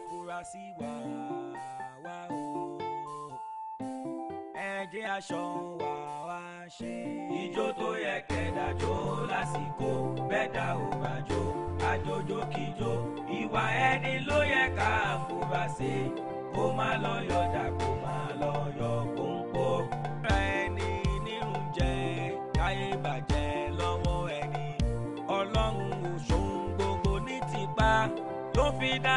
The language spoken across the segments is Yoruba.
afurasí wa wa o ẹ jẹ́ aṣọ wa wá ṣe. ìjó tó yẹ kẹ́dájọ́ lásìkò bẹ́ẹ̀dá ò bá jó àjòjòkìjó ìwà ẹni ló yẹ ká afurasí kó má lọ yọjà kó má lọ yọ kóńkó. ra ẹni nírun jẹ káyé bàjẹ́ lọ́wọ́ ẹni ọlọ́run ò ṣòun gbogbo ní tipa ló fi dá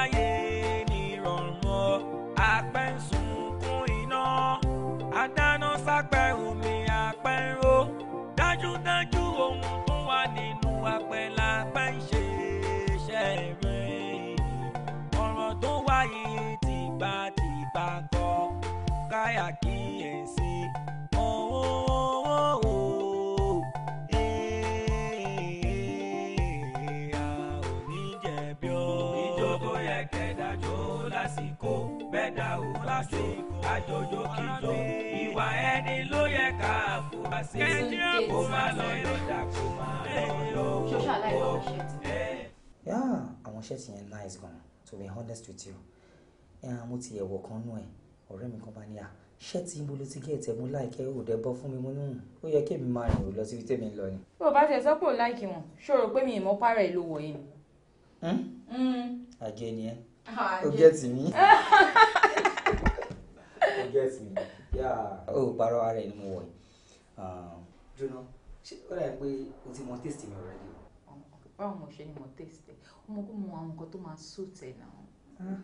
àjòjò kìjọ ìwà ẹni ló yẹ ká fura sí kó má lọ yọjà kó má lọ yọ yáà àwọn ṣẹ́ẹ̀tì yẹn nice gan to be honest with you mo ti ẹ̀wọ̀ kan nú ẹ̀ ọ̀rẹ́ mi kan bá ní à ṣẹ́ẹ̀tì ń bolo ti gé ẹ̀tẹ̀ mú láìkẹ́ ò dẹ́ bọ́ fún mi mú nù hmm, ó yẹ kí èmi máa rìn ò lọ síbi tẹ́mi lọ ni. bí o bá tẹ̀ sọ́pọ̀ láìkì wọn ṣòro pé mi ìmọ̀ pààrọ̀ ìlú wọ̀nyí ni. Hmm? Hmm. àjẹ ni ẹ ó jẹ́ mí. get me yeah. Oh, parọ́ ara ẹ̀ ni mo wọ̀ yìí. Ah. jóná ṣé ó dàbí pé o ti mọ taste mi already o. báwo mo ṣe ni mo taste ẹ ọmọ kó mo àwọn nǹkan tó máa suit ẹ náà hmm.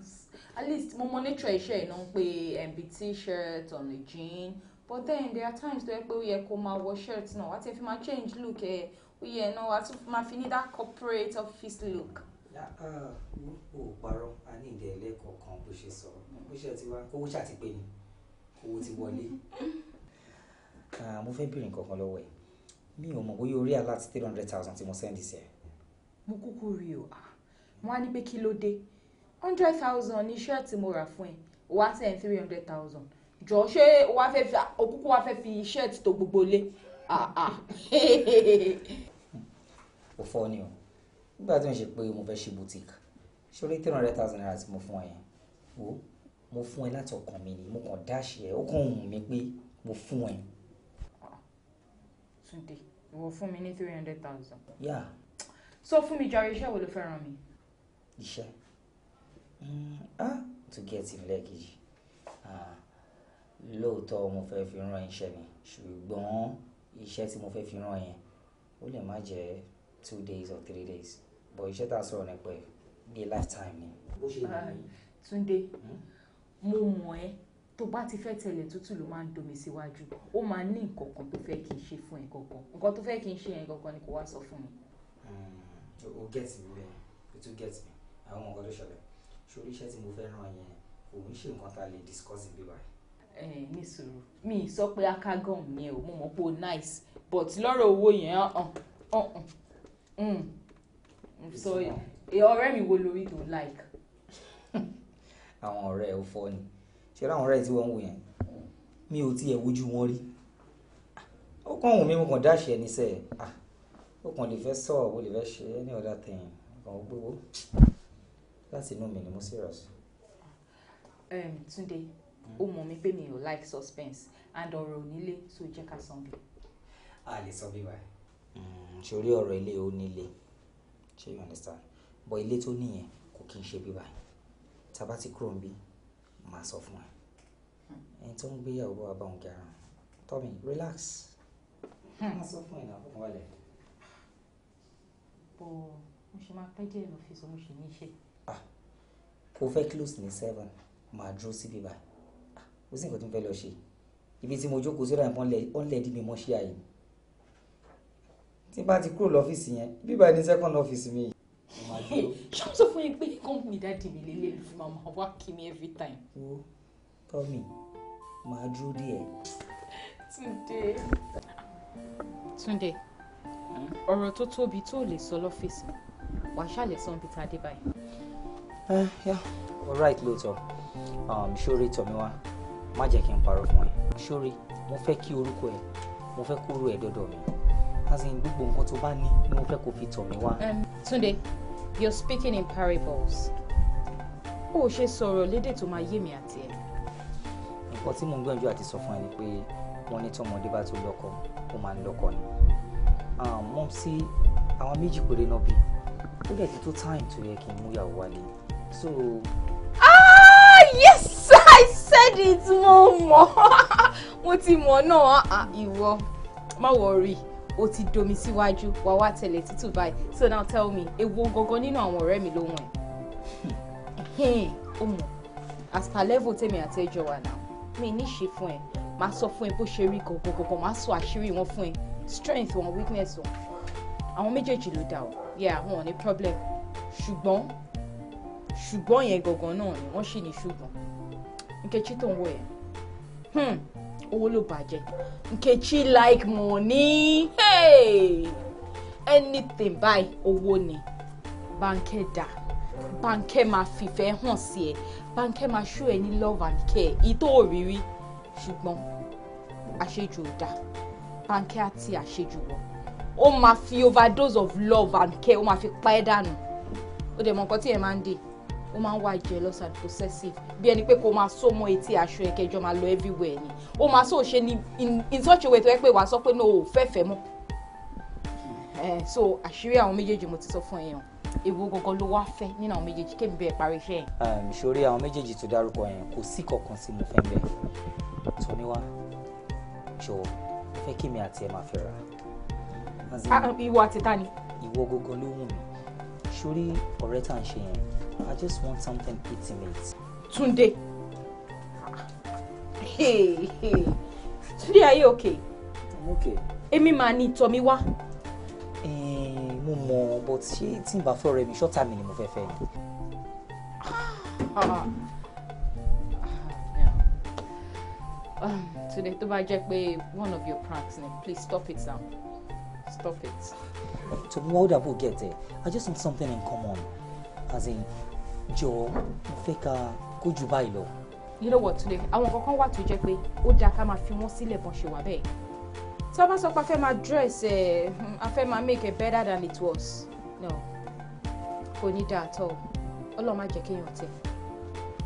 at least mo mọ nature iṣẹ́ ìná ń pe ẹ̀bí um, t-shirt on a jean but then there are times tó yẹ pé ó yẹ kó máa wọ shirt náà wá ti fi máa change look ẹ ó yẹ náà wá tún máa fi ní that corporate office look. ó uh, parọ́ a ní ìdẹ̀lẹ́ kọ̀ọ̀kan bó ṣe sọ̀rọ̀ bó ṣe ti wá kó wúṣà ti pè ní owó ti wọlé. Mm-hmm. Ah, mo fẹ́ bèrè nǹkan kan lọ́wọ́ ẹ̀ mi ò mọ̀ bóyá orí alert three hundred thousand tí mo sẹ́ndì sí ẹ. mo kúkú rí o ah, wọn á ní pé kí ló dé hundred thousand ní ṣẹ́ẹ̀tì mo rà fún ẹ wá sẹ́yìn three hundred thousand jọ ṣé wàá fẹ́ fi òkúkú wàá fẹ́ fi ṣẹ́ẹ̀tì tó gbogbo lé ò fọ́ ni o nígbà tí mo ṣe pé mo fẹ́ ṣe boutique ṣé orí three hundred thousand naira tí mo fún ọ yẹn wò mo fún ẹ láti ọkàn mi ni mo kàn dáṣẹ ẹ ó kàn hùn mí pé mo fún ẹ. Túndé ìwọ fún mi ní three hundred thousand. yà. sọ fún mi jàre iṣẹ́ wo ló fẹ́ ràn mí. iṣẹ́ mm, ah to get in lẹ́ẹ̀kejì ah, lóòótọ́ mo fẹ́ fi rán iṣẹ́ mi ṣùgbọ́n iṣẹ́ tí mo fẹ́ fi rán yẹn ó lè má jẹ́ two days or three days but iṣẹ́ tá a sọ̀rọ̀ nípa ẹ̀ bíi lifetime ni. Ah, Túndé. Hmm? mo mọ̀ ẹ́ tó bá ti fẹ́ tẹ̀lé tútù ló máa ń domi síwájú ó máa ní nǹkan tó fẹ́ kí n ṣe fún ẹ̀ kankan nǹkan tó fẹ́ kí n ṣe yẹn kankan ni kò wá sọ fún mi. Hmm, o get me bẹ́ẹ̀ o tún get me àwọn ọmọ nǹkan tó ṣẹlẹ̀ sórí iṣẹ́ tí mo fẹ́ ràn yẹn kò ń ṣe nǹkan tá a lè discuss bí báyìí. ẹ ní sùúrù mi sọ pé akágàn mi ẹ ò mọ̀ pé o nice but lọ́rọ̀ owó yẹn ọ̀hún ọ̀hún ọ̀hún ọ̀hún ọ̀hún ọ̀hún ọ̀hún ọ̀hún ọ̀hún àwọn ọ̀rẹ́ ò fọ́ ni ṣe láwọn ọ̀rẹ́ tí wọ́n ń yẹn mi ò tiẹ̀ wojú wọn rí ó kàn wù mí mo kàn dáṣẹ níṣẹ́ ó kàn lè fẹ́ sọ mo lè fẹ́ ṣe any other thing ọ̀kan ó gbowó láti inú mi ni mo serious. Túndé ó mọ̀ mi pé mi ò like suspense and ọ̀rọ̀ onílé tó jẹ́ ká san bí. a lè sọ bí báyìí. sórí hmm, ọ̀rọ̀ ilé onílé ṣé you understand bọ̀ ilé tó nìyẹn kò kí n ṣe bí báyìí tába ti kúrò níbí màá sọ fún ẹ ẹni tó ń gbéyàwó bá wa bá òun gẹran Tommy relax hmm. màá sọ fún ẹ náà fún wàlẹ. bó mo ṣe máa pẹ́ díẹ̀ lọ́fíìsì mo ṣì ní iṣẹ́. kò fẹ́ close ní seven màá dúró síbi báyìí ó sì ń kọ́ tó ń fẹ́ lọ ṣe ibi tí mo jókòó sórí àìmọ́ ọ̀nlẹ́ẹ̀dì mi mọ́ ṣe àyè tí bá ti kúrò lọ́fíìsì yẹn bíbá ní second ọ́fíìsì mi yìí ṣé mo sọ fún yín pé company dáàdì mi lélẹ̀ ló fi máa máa wá kí mi every time. wo tọ́ mi màá dúró díẹ̀. Túndé. Túndé ọ̀rọ̀ tó tóbi tó lè sọ lọ́fíìsì wàá ṣàlẹ̀ sọ níbi tá a dé báyìí. all right lóòótọ́ um, ṣórí tọ̀míwá má jẹ́ kí n parọ́ fún ẹ ṣórí mo fẹ́ kí orúkọ ẹ mo fẹ́ kóró ẹ dọ́dọ̀ mi as in gbogbo nǹkan tó bá ní ni mo fẹ́ kó fi tọ̀ mí wá. Túndé, you're speaking in parables. Ó ṣe sọ̀rọ̀ lédè tó máa yé mi àti ẹ̀. Nǹkan tí mò ń gbìyànjú àti sọ fún ẹ ni pé wọ́n ní tọmọdé bá tó lọ́kọ ó máa ń lọ́kọ ni. Ah, mọ̀ sí àwọn méjì péré náà bí. Ó dẹ̀ ti tó time tó yẹ kí n mú ìyàwó wálé. So. Ah yes! I said it mo mọ̀. Mo ti mọ̀ náà ah, ah, ìwọ. Má wọ̀ ó ti domi síwájú wà wá tẹ̀lẹ̀ tútù báyìí so now tell me èwo gangan nínú àwọn ọ̀rẹ́ mi ló wọ̀n ẹ̀ ó mọ̀ as level tèmi àti ẹjọ́ wà náà mi ní ṣe fún ẹ máa sọ fún ẹ bó ṣe rí gangan gangan máa sọ àṣírí wọn fún ẹ strength wọn weakness wọn àwọn méjèèjì ló dà o yeah wọn ò ní problem ṣùgbọ́n ṣùgbọ́n yẹn gangan náà ni wọ́n ṣì ní ṣùgbọ́n Nkechi tó ń wọ yẹn owó ló bàjẹ́ Nkechi like money hey! anything buy owó ni Bánkẹ́ dà Bánkẹ́ máa fìfẹ́ hàn sí ẹ Bánkẹ́ máa show ẹ love and care ìtò òrírí ṣùgbọ́n àṣejù ò da, Bánkẹ́ àti àṣejù wọ̀ ó máa fi overdose of love and care ó máa fi pa ẹ́ dànù ó dẹ̀ mọ̀ nǹkan tí ẹ máa ń dè ó máa ń wá jealous and possessive bí ẹni pé kó máa so mọ́ etí aṣọ ẹ kẹjọ máa lọ everywhere ni ó máa so ṣe ni in such a way tó yẹ pé wàá sọ pé no ò fẹ́fẹ́ mọ́ eh, so àṣírí àwọn méjèèjì mo ti sọ fún ẹ̀yàn èwo gangan ló wá fẹ́ nínú àwọn méjèèjì kí n bẹ̀rẹ̀ parí iṣẹ́ yẹn. sórí ehm, àwọn méjèèjì tó dárúkọ yẹn kò sí kankan sí mo fẹ́ bẹ́ẹ̀ Tóníwá jọ̀ọ́ fẹ́ kí mi àti ẹ máa fẹ́ra. Ah, ìwọ àti ta ni. ìwọ gangan ló wù mí sórí ọ̀rẹ́ tá à ń ṣe yẹn I just want something intimate. Túndé Túndé are you okay? I'm okay. Èmi máa ní ìtọ́ mi wá. Eh, mo mọ̀ but ṣé tí n bá fẹ́ ọ̀rẹ́ mi ṣọ́tà mi ni mo fẹ́ fẹ́ ni. Ah, ah, um, Túndé tó bá jẹ́ pé one of your pranks ni please stop it now stop it. So what I will get there, I just need something in common, as in jọ mo kujubailo. You know what today àwọn kankan to tó jẹ́ pé ó dáa ká máa fi wọ́n sílẹ̀ bọ́n ṣe wà bẹ́ẹ̀ tí dress ẹ̀ eh, a fẹ́ máa make it better than it was no kò ní dáa tọ́ ọlọ́run má jẹ́ kéèyàn tẹ̀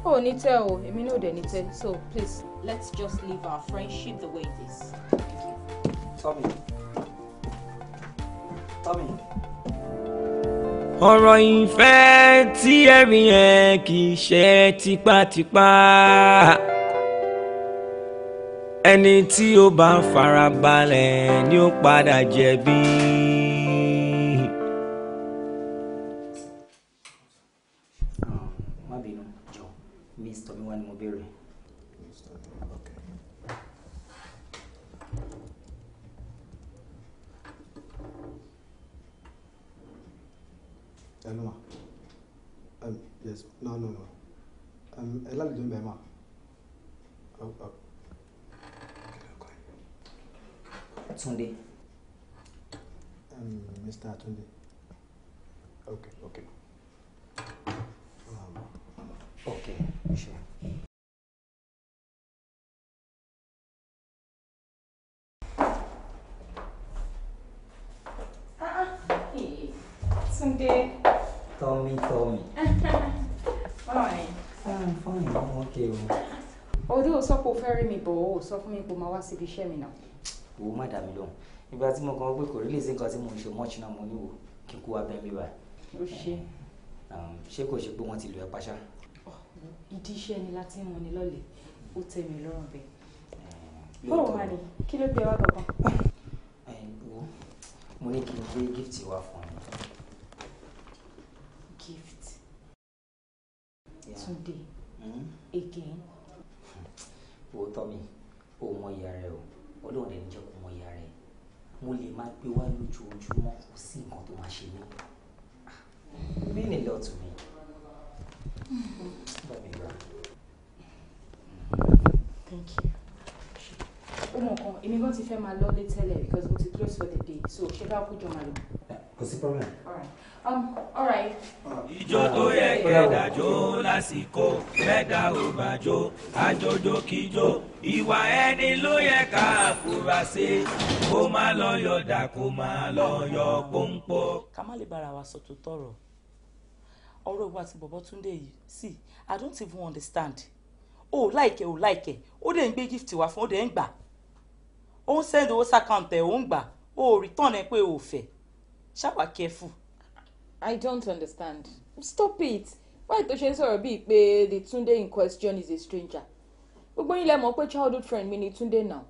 ó ní Oh, o èmi náà ò dẹ̀ ní so please let's just leave our friendship the way it is. Thank you. Tommy ọ̀rọ̀ ìfẹ́ tí ẹ̀rí yẹn kì í ṣe tipátipá ẹni tí ó bá ń farabalẹ̀ ni ó padà jẹ̀bi. no no no um, ẹ lálejò ń bẹ̀ mà. Oh, oh. Túndé. Mr. Um, Túndé. Okay, ok ok um, ok sure. ló sọ pé o fẹ́ rí mi bọ̀ o sọ fún mi pé o máa wá síbi iṣẹ́ mi náà. wò ó má dà mí lóhùn ìgbà tí mo kàn pé kò rí lè sí nǹkan tí mo ń ṣe mọ́ọ̀ṣì náà mo ní wò kí n kó wa mi wá. ó ṣe. ṣé kò ṣe pé wọ́n ti lù ẹ́ paṣá. Oh, ìdí iṣẹ́ ni láti mú ni lọ́lẹ̀ ó tẹ́ mi lọ́rùn bẹ́ẹ̀. báwo máa ní kí ló gbé wá gbọ̀ngàn. mo ní kí n gbé gift wá fún ọ. gift. Yeah. Today, mm? again. òótọ́ mi ò mọ ìyá rẹ o ọlọ́run rẹ níjẹ́ kó mọ rẹ mo lè máa gbé wá lójoojúmọ́ kò sí nǹkan tó máa ṣe mí ah, mean hmm. Thank you. ó mọ̀ kan èmi gan ti fẹ́ máa lọ lé tẹ́lẹ̀ because mo ti close for the day so ṣé ká kú jọ máa lọ. kò sí problem. Um, ìjọ tó yẹ kẹdàjọ lásìkò mẹ́ta ò bàjọ àjọjọ kíjọ ìwà ẹni ló yẹ ká fura sí kó má lọ yọ̀dà kó má lọ yọ pọ́npọ́. ká má lè bára wa sọ tó tọrọ ọ̀rọ̀ ìwà àti bọ̀bọ̀ Túndé yìí sí i I don't even understand o oh, láìkẹ like o oh, láìkẹ like ó dẹ̀ ń gbé gift wá fún ó dẹ̀ ń gbà ó ń send owó sàkáǹt ẹ̀ ń gbà ó rí tán pé ò fẹ́ ṣàwà kẹfù. I don't understand. Stop it. Báyìí tó ṣe ń sọ̀rọ̀ bíi pé the Túndé in question is a stranger. Gbogbo yín lẹ mọ̀ pé childhood friend mi ni Túndé now.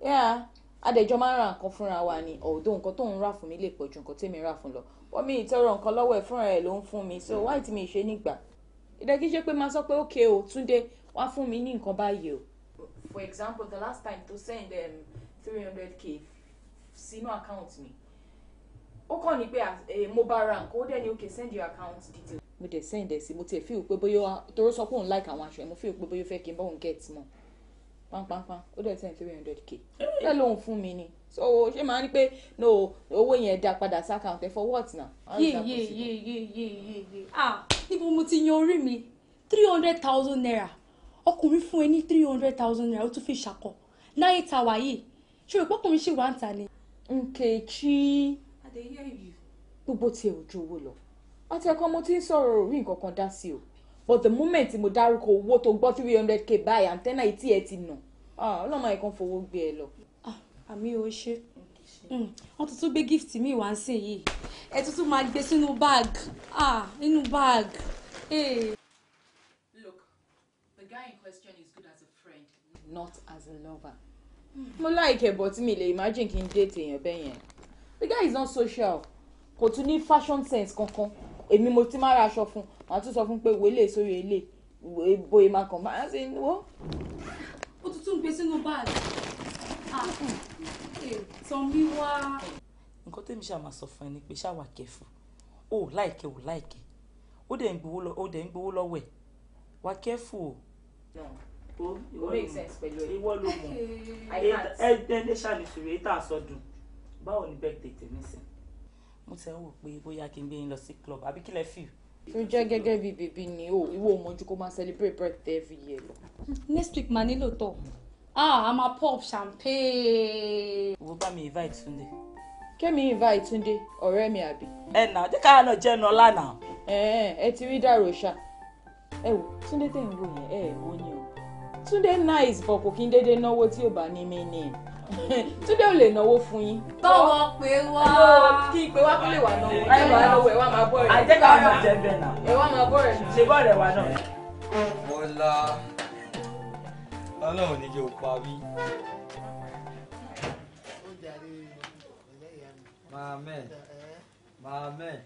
Yeah adẹjọ máa ń ra nǹkan fúnra wa ni ọ̀dọ̀ nǹkan tó ń rà fún mi lè pọ̀ ju nǹkan tèmi rà fún lọ wọ́n mi ìtọrọ nǹkan lọ́wọ́ ẹ̀ fúnra ẹ̀ ló ń fún mi so why tí mi ṣe nígbà ìdẹ́kí pé máa sọ pé ókè o Túndé wá fún mi ní nǹkan báyìí o. for example the last time to send um, 300 k sínú account mi ó kàn ní pé eh, mo bá ra nǹkan ó dẹ̀ ní okay send your account details. mo dẹ̀ send ẹ̀ sí mo tiẹ̀ feel pé bóyá toró sọ pé òun like àwọn aṣọ ẹ̀ mo feel pé bóyá fẹ́ kí n bá òun get mọ́ pánpánpán ó dẹ̀ send 300 k eh. bẹ́ẹ̀ lòun fún mi ni so ṣé máa ń pé no owó yẹn dá padà sí account for what now. yé yé yé yé yé yé yé ah níbo mo ti yan orí mi three hundred thousand naira ọkùnrin fún ẹ ní three hundred thousand naira ó tún fi ṣàkọ náírà tàwa yìí ṣé o pọkùnrin ṣì wà ń ta ni. Nkechi gbogbo tiẹ̀ ò ju owó lọ àti ẹ̀kọ́ mo ti ń sọ̀rọ̀ orí nǹkan kan dá sí o but the moment mo dárúkọ owó tó gbọ́ three hundred k báyìí antenna yìí tí ẹ ti nà ọlọ́mọ yìí kan fowó gbé ẹ lọ. àmì ò ṣe mm, wọ́n tuntun gbé gift mi wá sí yìí ẹ tuntun máa gbé sínú bag ah inú bag. Look, the guy in question is good as a friend, not as a lover mo like ẹ but mi lè imagine kí n date èèyàn bẹ́ẹ̀ yẹn the guy is not social kò tún ní fashion sense kankan èmi mo ti máa ra aṣọ fún màá tún sọ fún pé wèlé sórí ilé bóyá máa kàn máa ṣe ni wọ́n. ó tún tún gbé sínú báàgì tán mi wá. nǹkan tẹ́mi ṣáà máa sọ fún ẹ ni pé ṣáà wà kẹfù ó láìkẹ ò láìkẹ ó dẹ̀ ń gbowó lọ́wọ́ ẹ̀ wà kẹfù o. No ó make sense pẹ̀lú ẹ̀. ìwọ ló mọ̀ ẹ ẹ ṣàlùsùrù èyí tá a sọ dùn báwo ni bẹ́ẹ̀ tètè mí sí. mo ti ń wò pé bóyá kí n gbé yín lọ sí club àbí kí lẹ feel. tó jẹ́ gẹ́gẹ́ bíi bèbí ni o ìwọ ò mọ̀jú kó máa celebrate birthday every year lọ. next week màá nílò tọ̀ ah a pop champagne. wo bá mi invite Túndé. Kẹ́mi invite Sunday ọ̀rẹ́ mi àbí. ẹ nà jẹ́ ká lọ jẹ́nu ọ̀la nà. ẹ ẹ ti rí dàrú ṣá ẹ wò Túndé tẹ̀ ń wò yẹn ẹ wò ni o túndé nice bọ̀ kò kí n dédé náwó tí ò bá ní mí ni túndé ò lè náwó fún yín. tọwọ pé wá. kí n pé wá kó lè wà náwó. ẹ wà náwó ẹ wà máa bọ̀ rẹ̀. àjẹká máa jẹ bẹ́ẹ̀ náà. ẹ wà máa bọ̀ rẹ̀. ṣe bọ́ rẹ̀ wá náà. mo la ọlọ́run ní yóò parí. Máa mẹ́.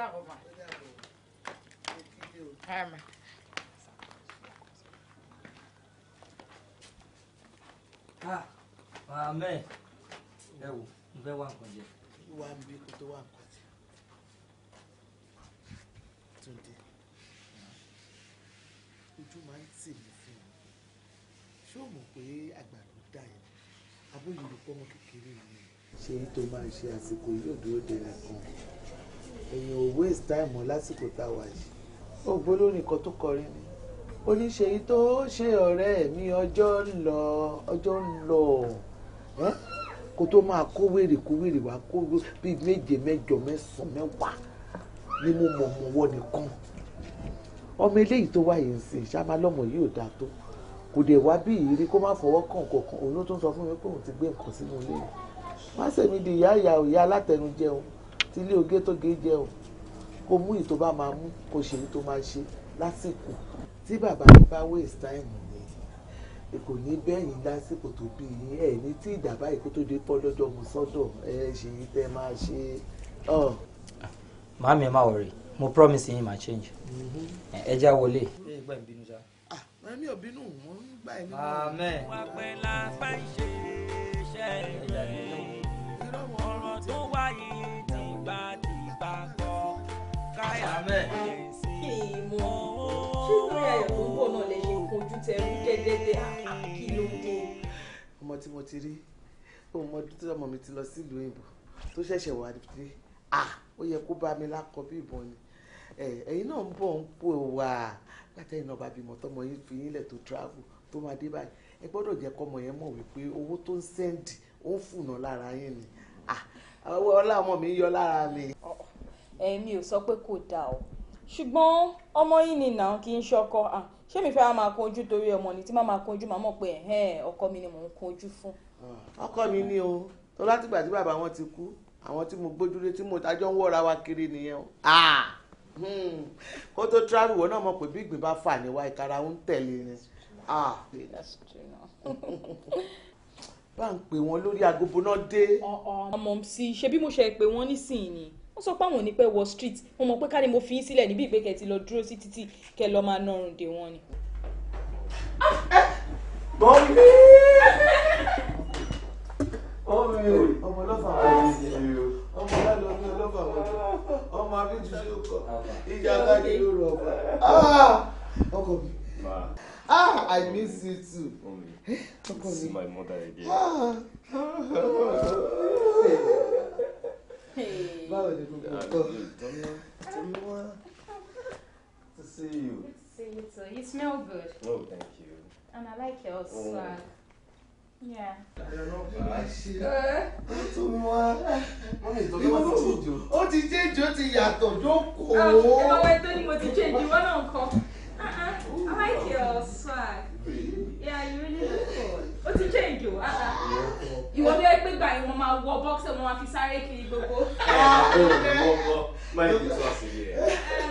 dàbọ̀ mà. Àmẹ́ ẹ wò mo fẹ́ wá nǹkan jẹ. Wá ń bí kó tó wá nǹkan jẹ. Túndé, ojú máa ń tì mí fún mi. Ṣé o mọ̀ pé àgbàdo dá yẹn? Abóyè olùkọ́ ọmọ kékeré ni. Ṣé tó máa èyàn ò waste time lásìkò tá a wà yìí ògbólórin kan tó kọrin ni ó ní ṣèyí tó ṣe ọ̀rẹ́ mi ọjọ́ ń lọ ọjọ́ ń lọ kó tó máa kó wèrè kó wèrè wá kó bíi méje mẹ́jọ mẹ́sàn mẹ́wàá ni mo mọ̀ mọ́ wọ́ nìkan ọmọ eléyìí tó wáyé ń sìn ṣá máa lọ́mọ yìí ò dáa tó kò dé wá bí ìrírí kó má fọwọ́ kàn kọ̀ọ̀kan òun ló tún sọ fún mi pé òun ti gbé nǹkan sínú ilé yìí má ṣèmi di ìyá ìyá òyà alátẹnujẹun tí ilé oge tó ge jẹ o kó mú èyí bá máa mú kó ṣe tó máa ṣe lásìkò tí bàbá yín bá waste time ni kò ní bẹ́yìn lásìkò tó bí yín ẹ̀ ní tí ìjà báyìí kó tó dé pọ́ mo sọ́dọ̀ ẹ ṣe èyí tẹ́ máa ṣe. màámi ẹ má wọrí mo promise yín máa change mm-hmm. ẹ já wọlé. ẹ gbà ah, ò bínú mo ń gbà ẹ nínú. amen ọ̀rọ̀ tó wáyé dìgbàdìgbà gbọ́ káyà mẹ́rin ìmọ̀ ṣé lórí ayọ̀ tó ń bọ̀ náà lè ṣe kojú tẹrú dẹ́dẹ́dẹ́ kí ló dé. ọmọ tí mo ti rí ọmọ tí ọmọ mi ti lọ sílùú òyìnbó tó ṣẹ̀ṣẹ̀ wà nídìí ó yẹ kó bá mi lákọ bí ìbọn ni ẹ̀yin náà ń bọ̀ ń pò wá látẹ̀yìn náà bá bímọ tọmọ yín fi yín lẹ̀ tó travel tó máa dé báyìí ẹ gbọ́dọ̀ jẹ́ kọ́mọ yẹn mọ̀ wípé owó tó ń sẹ́ǹdì ó fùnà lára yín ni ọlá ọmọ mi yọ lára mi. èmi ò sọ pé kò dáa o ṣùgbọ́n ọmọ yìí ni nà kí n ṣọkọ ṣé mi fẹ́ máa kojú torí ọmọ ni tí má máa kojú màá mọ̀ pé ọkọ mi ni mò ń kojú fún. ọkọ mi ni o tó látìgbà tí bàbá wọn ti kú àwọn tí mo gbójúlé tí mo tajọ ń wọ́ra wa kiri nìyẹn o hmm, kó tó travel wọn náà mọ̀ pé bí ìgbín bá fà níwá ìkara ń tẹ̀lé ni. bá ń pè wọ́n lórí agogo náà dé. ọmọ sí ṣe bí mo ṣe pè wọ́n nísìnyí ni wọ́n sọ pé àwọn ò ní pẹ́ wọ street mo mọ̀ pé ká ní mo fi í sílẹ̀ níbi ìpè kẹ́ ti lọ dúró sí títì kẹ́ lọ́ọ́ máa nọrùn dè wọ́n ni. bọ́ọ̀mì ọmọ ọmọ lọ́fà wọ́n ti ṣe o ọmọ lálẹ́ ọmọ lọ́fà wọ́n ti ọmọ abéjú ṣe ó kọ ìjà aláàjì ló rọ̀ ọ̀pá ah! ọkọ mi ah i miss you too. ọkọ mi see my mother again. Ah. báwo ni gbogbo ah, nǹkan. Tamiwa to see you. Good to see you too. You smell good. Oh, thank you. And I like your oh. swag. Ah. Oh. Yeah. ó ti jẹ́jọ́ ti yàtọ̀ jókòó. ẹ máa wá tó ní mo ti jẹ́jọ́ wọn náà kọ́. Uh-uh. I like your swag. Yeah, you really look cool. Ó ti change you? Uh-uh. Ìwọ bí wọ́n pé gbà yín wọ́n máa wọ bọ́ọ̀sì wọ́n máa fi sáré kiri gbogbo. Ó lè wọ́ bọ́. Máa ń bí tó àṣírí ẹ̀.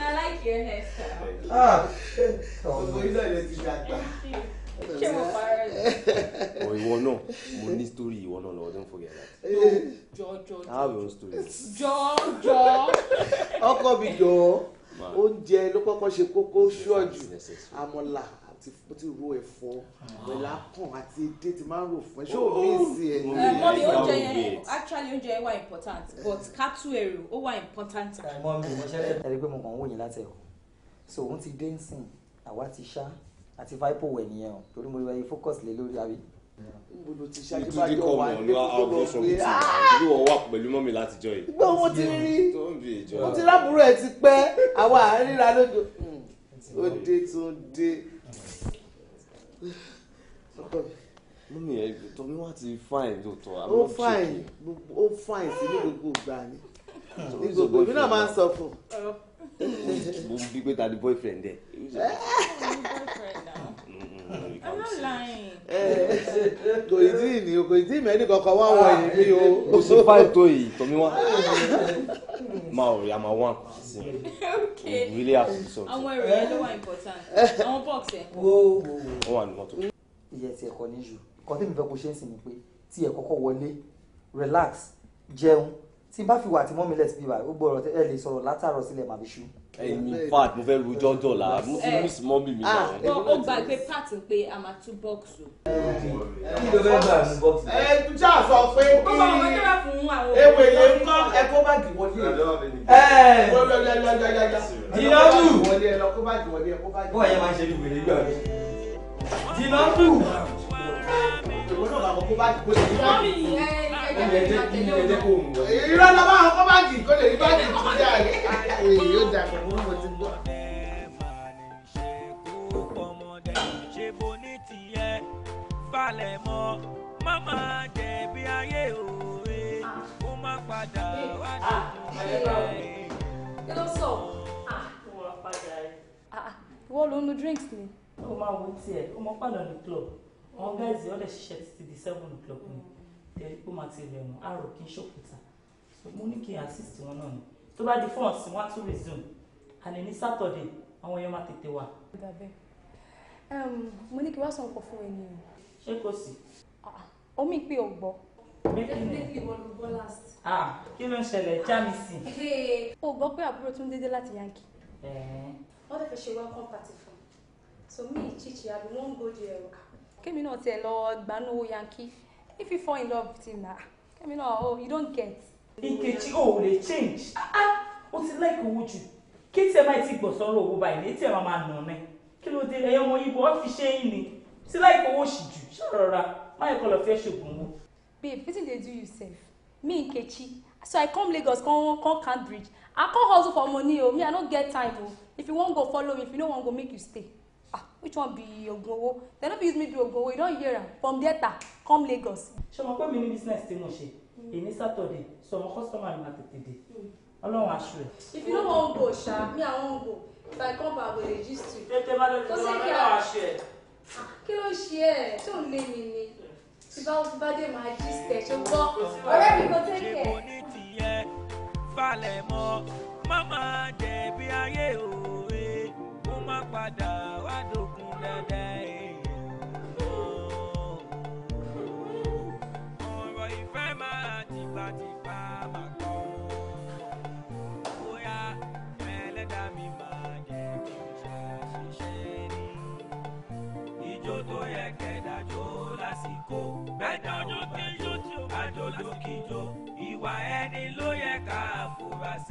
I like your hairstyle. Ah, oh, Ọ̀gbọ́n ilé rẹ̀ ti dàgbà or ìwọ náà mo ní story ìwọ won't know. don't forget that. jọ jọ jọ I have your own story. jọ jọ. ọkọ mi jọ oúnjẹ ló kọ́kọ́ ṣe kókó ṣúọ̀ jù àti mo ti ro ẹ̀fọ́ pẹ̀lú akàn àti edé ti máa ń rò fún ẹ ṣé o ní oh, ìsì ẹ. Oh, eh, mọ́mí oúnjẹ actually oúnjẹ yẹn wà important but kátó èrò ó wà important. Eh, mọ́mí mo ṣẹlẹ̀ ẹ̀rí pé mo kàn ń wò yín láti ẹ̀kọ́ so òun ti dé ń sìn àwa ti ṣá àti vipo wẹ̀ nìyẹn o torí mo rí focus lé lórí àbí níbo ló ti ṣe adébájọ wà ní kókó lọ pé ìlú ah! wọn wà pẹ̀lú mọ́mi látijọ́ yìí. gbọ́n mo ti rí mo ti lábúrò ẹ̀ ti pẹ́ àwa àríra lódò hmm. ó dé tó dé. mọ́mi ẹ̀ tọ́mi wá ti fine tó tọ́ àmọ́ ó fine ó fine sí ní gbogbo ìgbà ni ní gbogbo ìbí náà máa ń sọ fún. mo bí pé ta ni boyfriend ẹ. I'm, not lying. Eh, kò ì tí ì ní kò ì tí ì mẹ́rin kankan wá wọ yìí ah, bí o. mo ṣe five tó yìí tòmí wá. máa ò rí àmà one sí i. really have to sọ. àwọn èrò yẹn ló wà important eh. àwọn box ẹ. wo wo wo. ó wà ní mọ́tò. iye ti ẹ̀kọ́ ní ju nǹkan tí mi fẹ́ kó ṣe é sì ni pé tí ẹ kọ́kọ́ wọlé relax jẹun tí bá fi wà tí mọ́mi lẹ̀ sí bíbá ó gbọ́ ẹ lè sọ̀rọ̀ látàárọ̀ sílẹ̀ màbí ṣú ẹyin fat mo fẹ́ rojọ́ dọ̀la mo ti miss mọ́mì mi náà. Ah, ó gbàgbé pat pé a máa tú bọ́ọ̀sù. kí ló fẹ́ gbà ní bọ́ọ̀sù. ẹ tuja sọ pé kí gbogbo àwọn ọmọdé fún àwọn. ewé lè ń kọ́ ẹ kó báàgì wọlé. ẹ dinabu. bọ́ọ̀ yẹn máa ń ṣe ní wèrè gbà mí. dinabu ìwọ náà bá kọ́kọ́ báàgì kó lè rí báàgì ilẹ̀ jẹ́ kí ilẹ̀ jẹ́ kó mú wọlé. irọ́ lọ bá kọ́kọ́ báàgì kó wọ́n ló drinks ni. ó máa wo tiẹ̀ ó máa pàdánù club àwọn gáàsì ọ̀lẹ̀ ṣiṣẹ́ títí di seven o'clock ni mm. tẹ̀lé pé máa ti rẹ̀ wọ́n àrò kí n ṣòkúta so mo ní kí n assist wọn náà ni tó bá di fún ọ̀sìn wọ́n á tún resume àní ní Saturday àwọn èèyàn máa tètè wà. mo ní kí wàá sọ nǹkan fún ẹni o. ṣé kò sí. Ah, omi pé o gbọ́. last. Ah, kí ló ń ṣẹlẹ̀ já mi sí. o gbọ́ pé àbúrò tún dédé láti yankee. wọ́n lè fẹ́ ṣe welcome party fún mi so me chichi abi wọ́n go there kémi náà tiẹ̀ lọ gbanú yankee if you fall in love with him na ah, kémi náà oh you don't get. Nkechi o ò lè change o ah, ah, ti like owó jù kí tí ẹ bá ti gbọ̀ sọ́rọ̀ owó báyìí ní tí ẹ máa máa nà ní kí ló dé ẹyọ ọmọ yìí bọ́ ọ́ fi ṣe é ní tí láìpẹ́ owó ṣì jù ṣọ̀rọ̀ ra máyì kọ́ lọ fẹ́ ṣògùn owó. babe wetin dey do you sef me Nkechi so i come Lagos come come Cambridge i come hustle for money o oh. me i no get time o oh. if you wan go follow me if you no wan go make you stay which one be ogun owo They no be use me do ogun owo you don hear am from delta come lagos. ṣọmọ pé mi ní business tí mo ṣe èyí saturday sọmọ customer ni ma tètè dé mm. ọlọ́run aṣọ ẹ̀. if you no wan go ṣá me i wan go if i come back i go register. gist you. tètè má lọ tètè má lọ aṣọ ẹ. Ah, kí ló ṣe ẹ tó ń lé mi ni tí bá tí bá dé máa gist ẹ ṣe gbọ́ ọ̀rẹ́ mi kò tẹ́ kẹ̀. ṣe mo ní tìyẹ falẹ̀ mọ́ má máa jẹ̀bi ayé òwe kó má padà.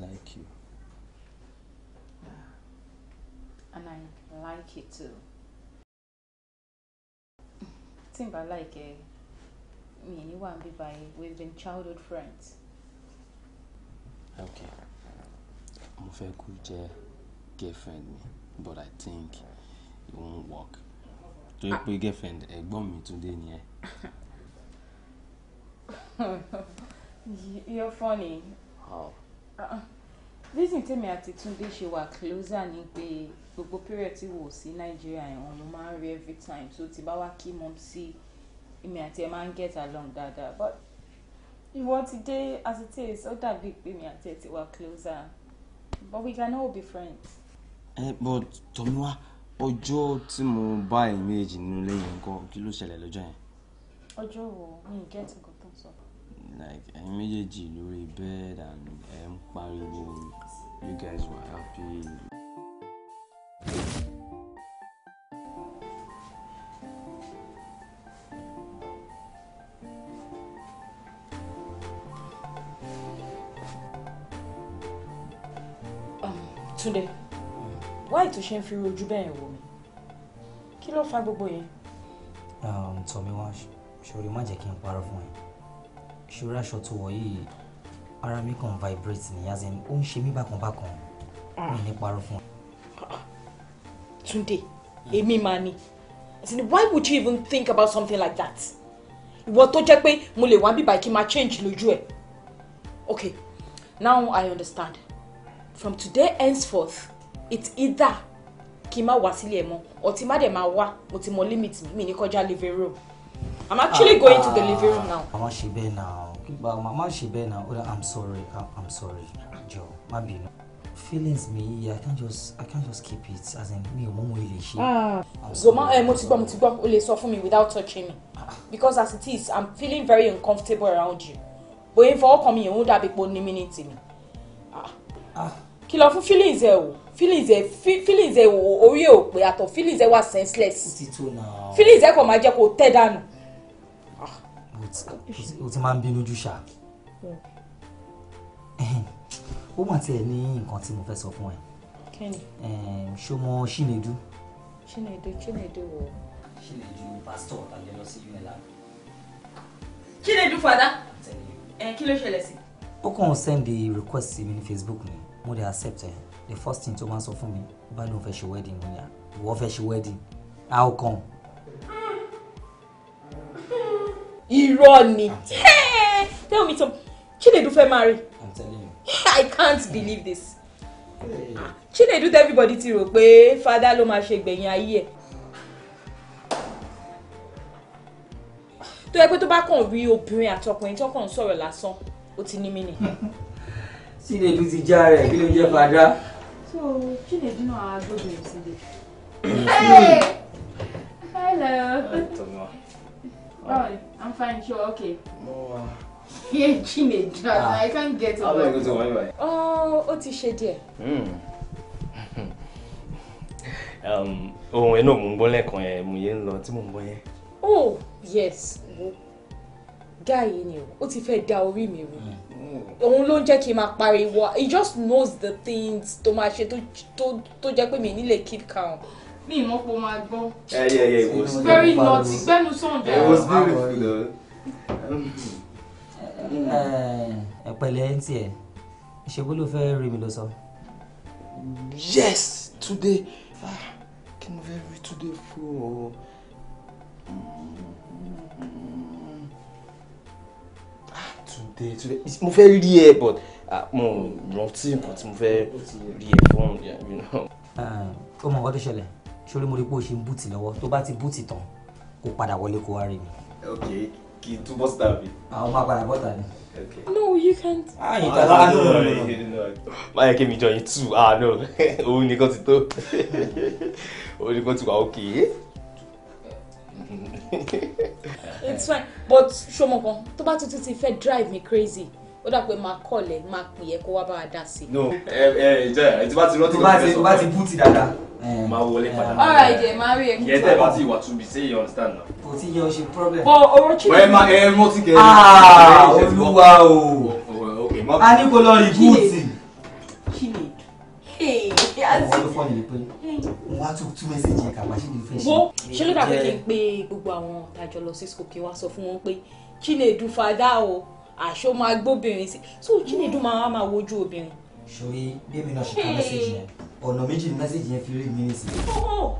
like you. And I like it too. Think I like it. Me and you want be by, we've been childhood friends. Okay. I'm fẹ́ kó jẹ́ girlfriend mi but I think it won't work. Tó yẹ pé girlfriend ẹ̀gbọ́n bomb me today, ẹ. You're funny. How? Oh. Uh-uh. reason tèmi àti Túndé ṣe wà closer ni pé gbogbo period tí wò sí Nigeria ẹ̀wọ̀n mo máa ń rí every time so tí bá wá kí mọ́ sí èmi àti ẹ̀ máa ń get along dáadáa but ìwọ ti dé as it is ó dàbí pé èmi àti ẹ̀ ti wà closer but we can all be friends. ẹ but Tọ́míwá ọjọ́ tí mo bá ẹ̀ méjì nínú lẹ́yìn nǹkan kí ló ṣẹlẹ̀ lọ́jọ́ yẹn. ọjọ́ wo mi ì gẹ́tì nǹkan sọ like ẹ̀yin méjèèjì lórí bed and ẹ̀ ń pariwo you guys were happy. Um, Túndé wáì tó ṣe ń fi rojú bẹ́ẹ̀ wò mí kí ló fa gbogbo yẹn. Um, Tọ́míwá ṣòro má jẹ́ kí n parọ́ fún ẹ ṣòro aṣọ tó wọ̀ yìí ara mi kàn vibrate ni yasin ó ń ṣe mí bákan bákan ah. mi ní parọ́ fún ọ. Túndé èmi máa ní why would you even think about something like that ìwọ tó jẹ́ pé mo lè wá bíbá kí n máa change lójú ẹ̀ okay now I understand from today henceforth it's either kí n má wá sílé ẹ mọ́ or tí má dẹ̀ máa wá mo ti mọ limit mi ní kọjá living room. I'm actually uh, going uh, to the ah. living room now. Mama she be now, But mama she be now. I'm sorry. Ah, I'm, sorry. Joe. Maybe bínú. Feelings me, I can't just I can't just keep it as in me. ò mú mo lè ṣe. Zoma ẹ eh, mo ti gbọ́ mo without touching me because as it is I'm feeling very uncomfortable around you. But if all come ó dàbí pé ó ní mí ní Ah, Kìlọ̀ fún feelings eh, o feelings ẹ feelings eh, orí ẹ ò pé ato feelings eh, wà senseless feelings eh, kò máa jẹ́ kó tẹ́ dànù o ti máa ń bínú jù ṣá ó mà tiẹ̀ ní nǹkan tí mo fẹ́ sọ fún ẹ ṣó mọ Ṣínédú. Ṣínédú Ṣínédú wò. Ṣínédú pásítọ̀ tàbí lọ sí unila. Ṣínédú fada kí ló ṣẹlẹ̀ sí. ó kàn send the request sí mi ní Facebook ni mo dey accept ẹ the first thing tó máa sọ fún mi bá lóun fẹ́ ṣe wedding mo ní à ìwọ fẹ́ ṣe wedding how come irọ́ ni tell me some Chinedu fẹ́ marry I'm telling you I can't believe this Chinedu ah, tell everybody ti rò pé fada ló máa ṣe gbẹ̀yìn ayé ẹ̀ tó yẹ pé tó bá kàn rí obìnrin àtọkùnrin tó kàn ń sọ̀rọ̀ lásán ó ti ní mí nì. Chinedu ti já rẹ̀ kí ló jẹ́ fada. so Chinedu náà á gbógun ìtìlẹ̀. Hmm. Hmm. hello. Báwo, oh, I'm fine, sure, okay. Mo wà. Yé I can't get over. How long ago wọ́n yóò wáyé? Ó ti ṣe hmm. um, Ohun ẹ̀ mò ń gbọ́ lẹ́ẹ̀kan ẹ̀ mò yé ń lọ tí mò ń gbọ́ yẹn. Oh yes, wo gáàyè ni o, ó ti fẹ́ da orí mi rú. Hmm. Òun ló ń jẹ́ kí n máa pariwo, he just knows the things tó máa ṣe tó jẹ́ pé mi nílé keep calm mi ìmọ̀ pé o máa gbọ́. yeah yeah yeah it was very naughty gbẹ́nu sọ̀njẹ́. it was beautiful though. Eh, eh, ẹ pẹ̀lẹ́ ń tiẹ̀ ìṣègùn ló fẹ́ rí mi lọ sọ. yes today ah kí ni fẹ́ rí today fún ọ. Ah, today today mo fẹ́ rí ẹ but ah, mo rántí nǹkan tí mo fẹ́ rí ẹ fún ọ. ó mọ nǹkan tó ṣẹlẹ̀ sórí mo rí pé o ṣe ń búùtì lọ́wọ́ tó bá ti búùtì tán kó padà wọlé kó wá rí mi. ok kí n túbọ̀ síta bí. àwọn máa padà bọ́ta ni. Okay. No, you can't. Ah, ah you can't. Ah, no, no, no, no. Máyà kí mi jọ yín tù. Ah, no. Òun nìkan ti tó. Òun nìkan ti wà okay. It's fine, but ṣọmọ kan tó bá tuntun ti fẹ́ drive me crazy ó dà pé máa kọ̀ lẹ̀ máa pè ẹ́ kó wá bá wa dá sí i. no ẹ ẹ jẹ ẹ ti bá ti rántí lọ́sọ̀rọ̀ tó bá ti bú ti dáadáa. máa wọlé padà. ọ̀rọ̀ ẹ̀jẹ̀ máa rí ẹ̀kú tó. yẹ tẹ́ ẹ bá ti wà túbi ṣé you understand na. kò tí yẹ ọ ṣe problem. bọ ọ̀rọ̀ chidi. wẹ́ẹ́ máa ẹ mọ́ ti kẹ́ ah, ẹ. olúwa o a ní kó lọ rí búùtì. chidi wọ́n á tún tún mẹ́sẹ̀jì ẹ̀ka wá sí ní fẹ́ ṣe. wo ṣé ló dàbí kí n pe gbogbo àwọn tàjọ lọ sí school kí wọ́n á sọ fún wọn pé Chinedu fada o àṣọ máa gbóbìnrin sí so Chinedu máa máa wojú obìnrin. ṣòye bébí náà ṣe ká mẹ́sẹ̀jì yẹn ọ̀nà méjì ni mẹ́sẹ̀jì yẹn fi rí mi nísìnyí. Oh, oh, oh.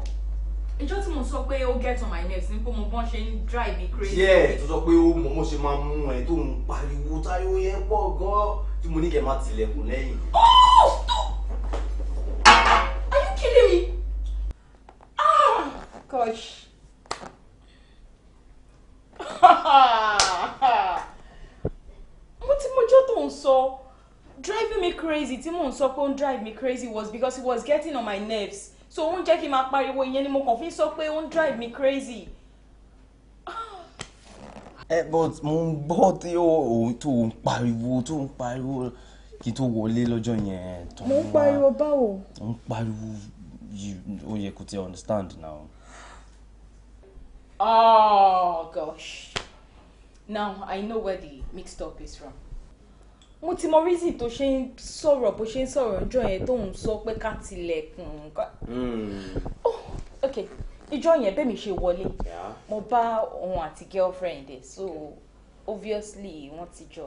ìjọ tí mo sọ pé ó get on my nerves ni pé mo bọ́n ṣe ń drive me crazy. ṣé ẹ tó sọ pé ó mọ mo ṣe máa mú ẹ tó ń pariwo táyọ̀ yẹn pọ̀ gan-an tí mo ní kẹ́ máa tilẹ̀kùn lẹ́yìn. Are you kidding me? Ah, gosh. tí mò ń sọ pé ó ń drive me crazy was because he was getting on my nerves so ó ń jẹ́ kí n máa pariwo ìyẹn ni mo kàn fi ń sọ pé ó ń drive me crazy. ẹ eh, but mo ń gbọ́ tí òun tó ń pariwo tó ń pariwo kí n tó wọlé lọ́jọ́ yẹn. mo ń pariwo báwo. mo ń pariwo ó yẹ kó ti understand now. oh gosh now I know where the mixed up is from mo ti mọ reason tó ṣe ń sọ̀rọ̀ bó ṣe ń sọ̀rọ̀ ọjọ́ yẹn tó ń sọ pé ká tilẹ̀kùn nǹkan. Hmm. Oh, ok ìjọ yẹn bẹ́ẹ̀ mi ṣe wọlé mo bá òun àti girlfriend ẹ̀ so obviously wọ́n ti jọ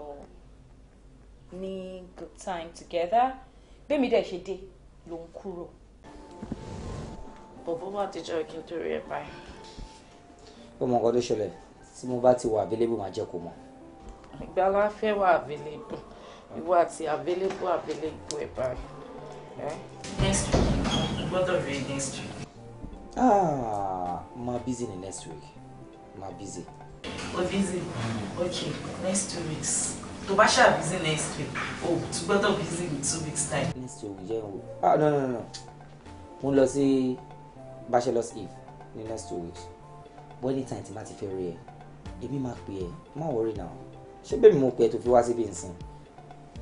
ní good time together bẹ́ẹ̀ mi dẹ̀ ṣe dé ló ń kúrò. bọ̀bọ̀ bá ti jọ kí n torí ẹ̀ báyìí. ó mọ nǹkan tó ṣẹlẹ̀ tí mo bá ti wà available máa jẹ́ kó mọ̀. ìgbà wà available ìwọ àti available available ẹ̀ báyìí. next week gbọ́dọ̀ rí next week. ah ma busy ni next week ma busy. o busy okay next two weeks tó bá ṣáà busy next week o tún gbọ́dọ̀ busy in two weeks time. next week jẹ́ o ah no no no mo ń lọ sí bachelor's eve ní next two weeks but anytime tí má ti fẹ́ rí ẹ èmi máa pè ẹ má worry now ṣé bẹ́ẹ̀ mi mo pè ẹ tó fi wá síbí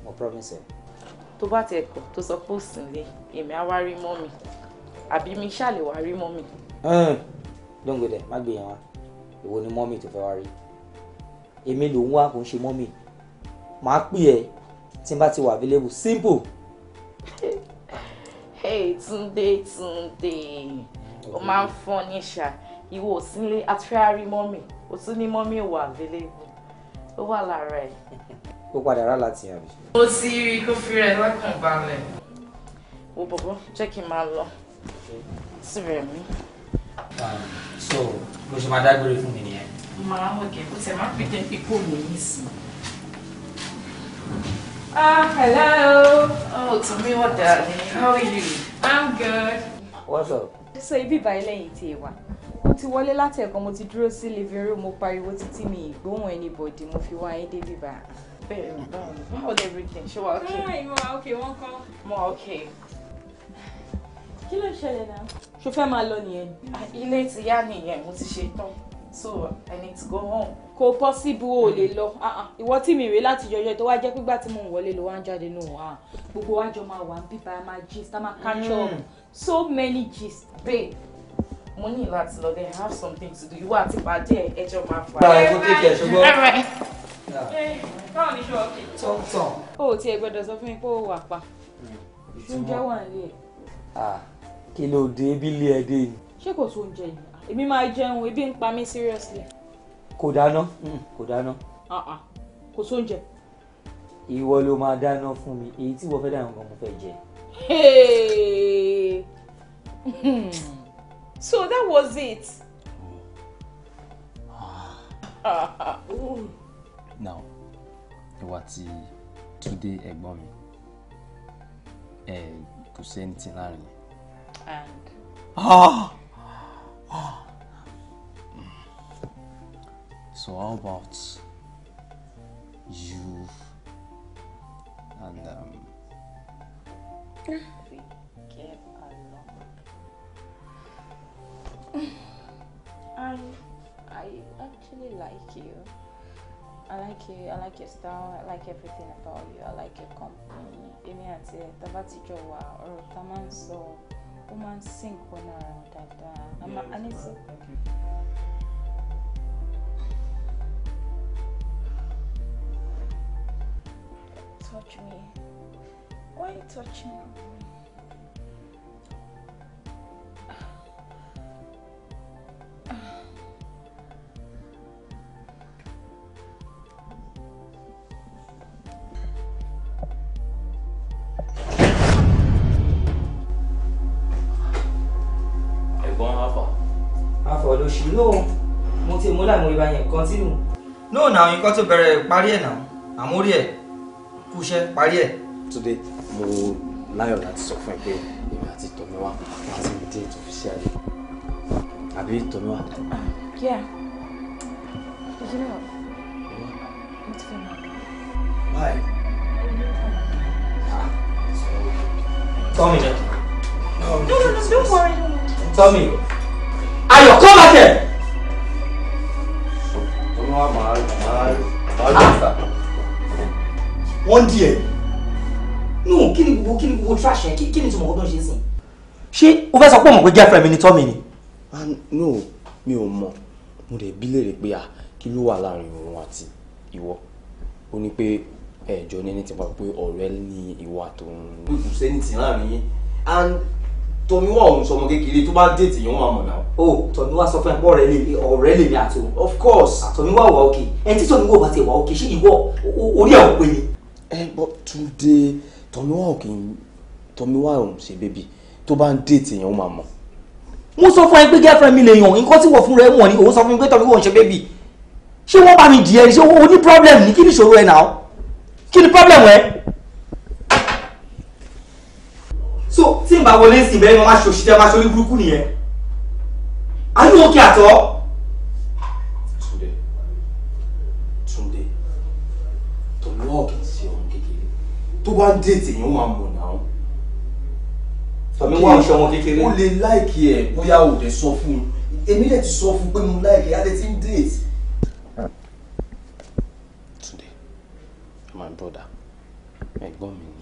mo promise ẹ. tó bá tiẹ̀ kọ̀ tó sọ pé ó sì lè èmi á wá rí mọ́ mi àbí mi ṣáà lè wá rí mọ́ mi. lóńgòdè má gbìyàn wa ìwo ni mọ́mì tó fẹ́ wá rí èmi ló ń wá kò ń ṣe mọ́mì màá pè ẹ́ tí n bá ti wà available simple. hey Túndé Túndé o máa ń fọ́n ní ṣá ìwọ ò sí nílé àti fẹ́ mọ́mì o tún ní mọ́mì ò wà available ó wà lára ẹ̀ ó padà rà láti yàn mo ti rí kó fi rẹ lọ́kàn balẹ̀. wo bọ̀bọ̀ jẹ́ kí n máa lọ sí rẹ̀ mí. so bó ṣe máa dágbére fún mi nìyẹn. màá wọ kẹ́ bó ṣe máa fi jẹ́ ikú mi sí. ah hello oh to me what darling how are you i'm good. what's up. so ibi ìbáyé lẹ́yìn tí ẹ wà mo ti wọlé látẹ̀kọ́ mo ti dúró sí living room mo pariwo títí mi ìgbóhùn anybody mo fi wá ayé débi bá a bẹ́ẹ̀ ni báwo ni everything She wà okay. báyìí mo wà okay wọ́n kọ́. okay. kí ló ṣẹlẹ̀ náà. ṣo fẹ́ máa I nìyẹn. Ah, ilé ti yá nìyẹn mo ti so i need to go home. kò possible o lè lọ ah, ah. ìwọ tí mi rèé láti yọjọ tó wá jẹ́ pé gbà tí mo ń wọlé ló wá ń ah. nù wá gbogbo wa jọ máa wà ń bíbá a máa gist a catch up mm. so many gist. babe Money. ní láti they there i have something to do ìwọ àti pàdé ẹjọ máa fà. báyọ̀ kò tẹ̀kẹ̀ ṣùgbọ́n káwọn ní ṣe ọkẹ. tọ̀tọ̀. o ò tiẹ̀ gbọ́dọ̀ sọ fún mi pé ó wà pa. Hmm, oúnjẹ wà nílé ẹ̀. kí ló dé ebi lé ẹ dé. ṣé kò tó oúnjẹ yìí èmi máa jẹun ebi ń pa mí seriously. kò dáná hmm, kò dáná. Ah, ah. kò tó oúnjẹ. ìwọ ló máa dáná fún mi èyí tí wọ́n fẹ́ dáná gan mo fẹ́ jẹ. so that was it. Hmm. Ah, now ìwọ àti Túndé ẹ̀gbọ́n mi ẹ kò sí anything láàrin yẹn. and. Ah! Ah! So how about you and um. We get along. and I actually like you. I like you, I like your style, I like everything about you, I like your company. Emi àti ẹ̀ tá bá ti jọ wà ọ̀rọ̀ tá máa sọ ó máa ń sink wọnú ara dáadáa. Àmọ́ a Touch me. Why are you touching me? no mo ti mú láì mo ìbá yẹn continue. no na àwọn nǹkan tó bẹ̀rẹ̀ parí ẹ̀ náà àmórí ẹ̀ kúṣẹ́ parí ẹ̀. Túndé mo láyọ̀ láti sọ fún ẹ pé èmi àti Tọ́míwá láti mi dé ètò fíṣẹ́ rẹ̀ àbí Tọ́míwá. yeah you know mo ti fẹ́ máa lọ. báyìí. Tommy. No, no, no, no, don't worry. Tommy. Ayọ̀, come back here wá màá màá màá ah. lọ́sà. wọ́n di ẹ̀. nù kí ni gbogbo kí ni gbogbo trash ẹ kí ni tí mo kọ́ tó ń ṣe sìn. ṣé o fẹ́ sọ pé o mọ̀ pé girlfriend mi ni tọ́ mi ni. Ah, no mi ò mọ̀ mo lè bí léèrè pé à ah, kí ló wà láàrin òun àti ìwọ ó ní pé ẹ̀jọ́ ní ẹni tí wọ́n pé ọ̀rẹ́ ní ìwà tó ń. kò sẹ́ni tì láàrin yín and Tomiwa òun sọmọ kékeré tó bá déètì yẹn wọn máa mọ̀ náà. o oh, Tomiwa sọ fún ẹ pọ ọ̀rẹ́ lèmi àti òun. of course. Ah, Tomiwa wà òkè ẹni tí Tomiwa ò bá ti wà òkè ṣé ìwọ orí ẹ ò pé ni. ẹ eh, bọ Túndé Tomiwa òkè Tomiwa òun ṣe bébì tó bá ń déètì yẹn wọn máa mọ̀. mo sọ fún ẹ pé girlfriend mi lè yàn nǹkan tí wọ́n fún rẹ wọ̀n ni òun sọ fún mi pé Tomiwa òun ṣe bébì ṣé wọ́n bá mi dì problem ni kí ni ìṣòro ẹ náà kí problem bá wọlé sí ìbẹ̀rẹ̀ máa ṣòṣì tẹ́ máa ṣorí burúkú nìyẹn are you okay at all. Túndé Túndé tó lọ́ọ̀kì sí ọ̀hún kékeré tó bá ń dètè yẹn wà mọ̀ náà. tọ́mi wà ń ṣọmọ kékeré. ó lè láìkí ẹ̀ bóyá ò dé sọ fún un èmi lè ti sọ fún pé mo láìkí adé tí ń dètè. Túndé my brother ẹ̀gbọ́n mi ni